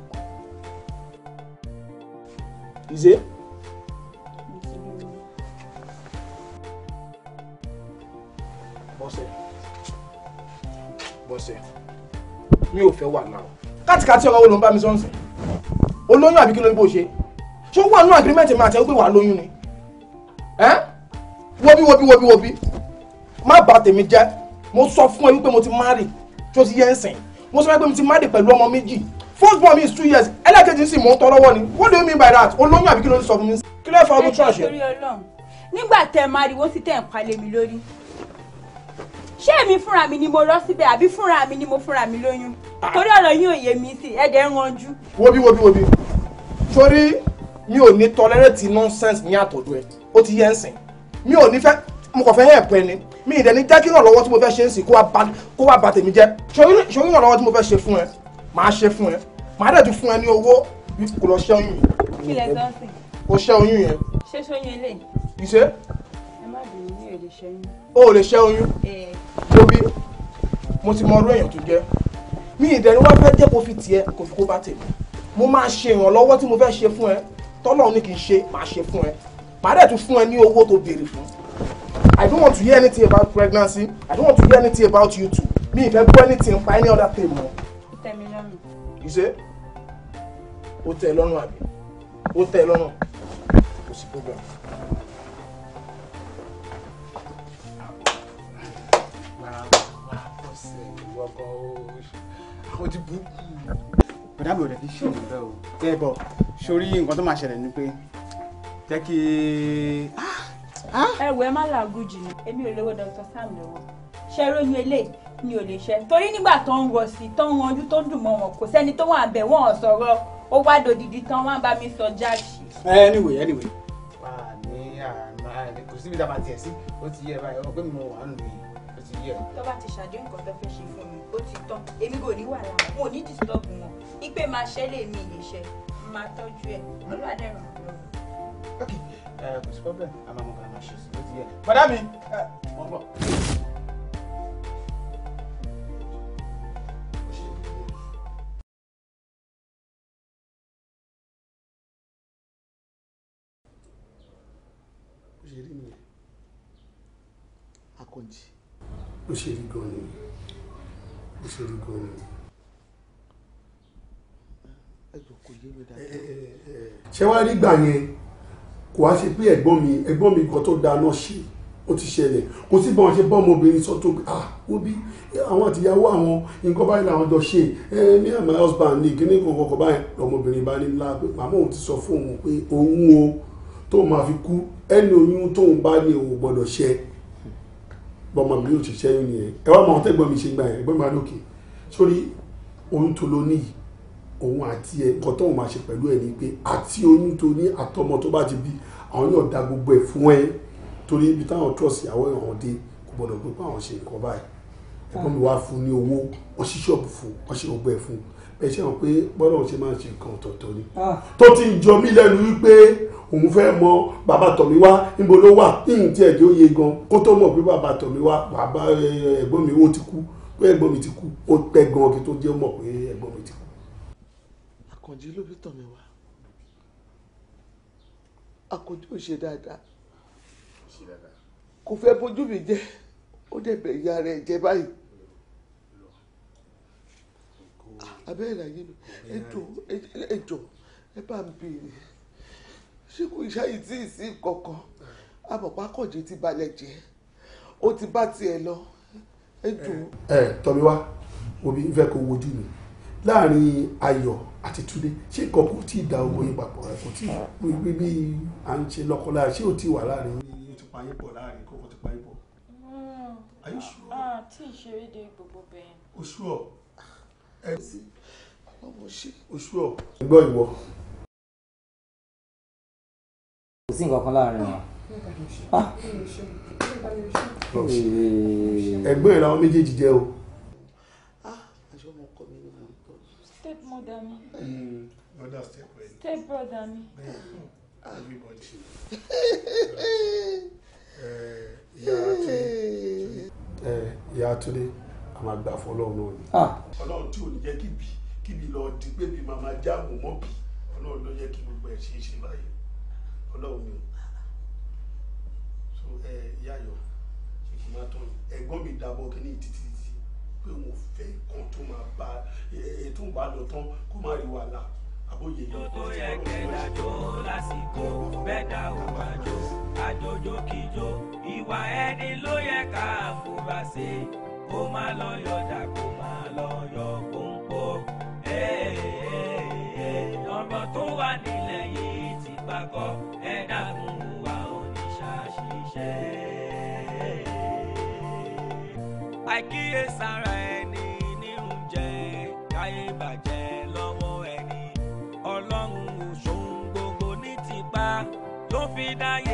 ìṣe. bọ́sẹ̀ bọ́sẹ̀ mi ò fẹ́ wà náà kátìkátì ọ̀rọ̀ wo ló ń bá mi sọ́nsìn olóyún àbí kí ló ń bò ṣe ṣé ó wà nínú agreement mi àti ẹ pé wà á lóyún ni wobi wobi wobi wobi má bà tèmi jẹ́ mo sọ fún ẹ wípé mo ti marry tó ti yẹ ń sìn mo sọ pé mo ti marry pẹ̀lú ọmọ méjì first born is two years ẹlẹ́kejì sì mò ń tọ́ lọ́wọ́ ni what do you mean by that olóyún àbí kí ló ń sọ fún mi. kí ló fà á bó trash yẹn. nígbà tẹ máa rí wọ́n sì tẹ̀ ń palẹ̀ mi lórí ṣé èmi fúnra mi ni mo rọ́ síbẹ̀ àbí fúnra mi ni mo fúnra mi lóyún torí ọ̀rọ̀ yín ò yé mi sí ẹ̀dẹ̀ ń ranjú. wobi wobi wobi sórí mi ò ní tolerate nonsense ní àtọ̀dọ̀ ẹ ó ti yẹ ń sìn mi ò ní fẹ́ mo kàn fẹ́ help ẹni mi ì dẹ̀ ní jẹ́ kí ìrànlọ́wọ́ tí mo fẹ́ ṣe ń sìn kó wá bà tèmi jẹ́ sórí ìrànlọ́wọ́ tí mo fẹ́ ṣe fún ẹ màá ṣe fún ẹ màá dẹ̀ tún fún ẹ ní owó kò lọ ṣẹ́ oyún yìí. kí lẹ tọ́ o ṣẹ́ oyún yẹn. ṣé sóyún ilé. ìṣe. ẹ má bìí mi ò lè ṣẹ́yún. o ò lè ṣẹ́ oyún. ẹ̀ẹ́ eh lórí mo ti mọ ọdún èèyàn tó jẹ́ mi ìdẹ̀rù wá fẹ́ jẹ́ kó fi tiẹ̀ kó fi kó bá tèmi mo máa ṣe ìrànlọ́wọ́ tí mo fẹ́ ṣe fún ẹ tọ́lọ́run ní kí n ṣe máa ṣe fún ẹ màá tún fún ẹ ní owó tó béèrè fún I don't want to hear anything about pregnancy I don't want to hear anything about you too mi ìfẹ́ gbọ́ anything pa any other thing mọ́. ó tẹ́ mi lọ́rùn. you say ó tẹ́ lọ́rùn àbí ó tẹ́ lọ́rùn kò sí problem. lọ gan o àwọn ti bú. bọ̀dá mi ò lè fi ṣe òun bẹ́ẹ̀ o bẹ́ẹ̀ bọ̀ sórí nǹkan tó máa ṣẹlẹ̀ ni pé jẹ́ kí. Ah, ah. ẹ wò ẹ má làágùn jìnnà èmi ò lówó Dr. Sam lọ́wọ́ ṣe rónú eléyìí mi ò lè ṣe torí nígbà tó ń rọ sí tó ń ranjú tó ń dùn mọ́ wọn kò sẹ́ni tó wà bẹ̀ wọ́n sọ̀rọ̀ ó wá dòdìdí tán wọ́n bá mi sọ jáàsì. anyway anyway wà ní àná kò síbi tá a bá tiẹ̀ sí ó ti yẹ báyìí ọ̀pẹ́ mi wà nù mí ó ti yẹ. tó bá ti ṣàdéhùn kan tó fẹ́ ṣe fún mi ó ti tán èmi kò ní wà lára mo ò ní disturb wọn ipe máa ṣẹ́ lè mi lè ṣe máa tọ́jú ẹ̀ olúwadẹ̀rùn lọ́wọ́. ok eh, kò problem a máa mọ máa ṣe sí ló yẹ padà mi mo eh, ń bọ̀. òṣèré nìyẹn akọ́jì. òṣèré gan-an nìyẹn kò ṣe rí gan-an. ṣé wàá rí gbà yẹn kò wá ṣe pé ẹ̀gbọ́n mi ẹ̀gbọ́n mi kan tó dáa náà ṣe ó ti ṣẹlẹ̀ kò sí bọ́n ṣe bọ́ ọmọbìnrin sọ tó à ah, wọ́n bí àwọn àtìyàwó àwọn nǹkan báyìí làwọn jọ ṣe ẹ ní àmà husband ní kíní kan kọkọ báyìí lọmọbìnrin bá ní ńlá pé màmá òun ti sọ fún òun pé òun o tóun máa fi kú ẹni oyún tóun bá ní òun gbọ́dọ̀ ṣe bọ́mọ mi yóò ti ṣẹ́yún nìyẹn ẹ wá mọ àwọn tẹ́gbọ́n mi ṣe gbà yẹn ẹgbọ́n mi máa lókè sórí oyún tó ló níyì òun àti ẹ nǹkan tóun máa ṣe pẹ̀lú ẹ ni pé àti oyún tó ní àtọmọ tó bá ti bí àwọn yóò da gbogbo ẹ fún ẹ torí ibi táwọn trọ́ọ̀sì àwọn èèyàn dé kò gbọdọ̀ pé àwọn ṣe nǹkan báyìí ẹ̀gbọ́n mi wá fún ní owó wọ́n ṣọ́ọ̀bù fún wọ́n gbogbo ẹ̀ fún ẹ ṣe hàn pé bọ́lá òun ṣe máa ṣe nǹkan ọ̀tọ̀ọ̀tọ̀ ni ah. tó ti ń jọ mí lẹ́nu wípé òun fẹ́ mọ bàbá tọ̀míwá níbo ló wà yìnyín tí ẹ̀jẹ̀ ó yé gan kó tó mọ̀ pé bàbá tọ̀míwá bàbá ẹ̀gbọ́n mi ó ti kú pé ẹ̀gbọ́n mi ti kú ó pẹ́ gan kí tó jẹ́ mọ̀ pé ẹ̀gbọ́n mi ti kú. àkànjí ló fi tọ̀míwá àkànjí ò ṣe dáadáa kò fẹ́ bójú mi jẹ́ ó dẹ̀ ìyá rẹ̀ jẹ́ báyìí abẹ́rẹ́ ayé mi ẹjọ́ ẹjọ́ ẹ bá ń bèèrè ṣé kò ṣáyì tí ì sí kankan abọ̀pákọ̀jẹ́ ti balẹ̀ jẹ́ o ti bá tiẹ̀ lọ ẹ jù. ẹ tọ́mi wá omi ń fẹ́ kó wojú mi láàrin ayọ̀ àti túnde ṣé nǹkan kò tí ì da owó yín papọ̀ rẹ kò tí ì bí bí à ń ṣe lọ́kọ́láyà ṣé ò tí wà láàrin. yíyí ti pa yín pọ̀ láàrin kó ti pa yín pọ̀. Mm. ayé ṣùọ́. a tí ì ṣeré de gbogbo bẹ́ẹ̀. oṣù ọ̀ ah. ẹ. ọlọ́mọ ṣe. oṣù ọ̀. ẹgbọ́n ìwọ kò sí nǹkan kan láàrin wọn. Ah. Eh. ẹgbẹ́ méjèèjì jẹ́ o. Ah, step mother mi. Eh, step brother mi. Eh, ìyá àtúndé a máa gbà fún ọlọ́run náà ni. Ah. ọlọ́run tí ò ní jẹ́ kíbi kíbi lọ di pé bí màmá jáàmù mọ́ bí ọlọ́run ló yẹ kí gbogbo ẹ̀ ṣe é ṣe báyìí ọlọ́run ni so ẹ yáyọ ṣèkì máa tán ẹ̀gbọ́n mi dàbọ̀ kínní títí títí pé mo fẹ́ kan tó máa bá ẹ tó ń bá lọ tán kó má rí wàhálà àbóyè lọ. ó yẹ kẹ́dà lásìkò bẹ́ẹ̀dà ò bá jó àjòjò ìwà ẹni ló yẹ ká fura sí kó má lọ yọjà kó má lọ yọ kóńpó ọ̀rọ̀ tó wà nílẹ̀ yìí ti gbàgbọ́ àìkíyèsára ẹni nínú jẹ káyé bàjẹ́ lọ́wọ́ ẹni ọlọ́run ò ṣòun gbogbo ní tipa ló fi dáyé.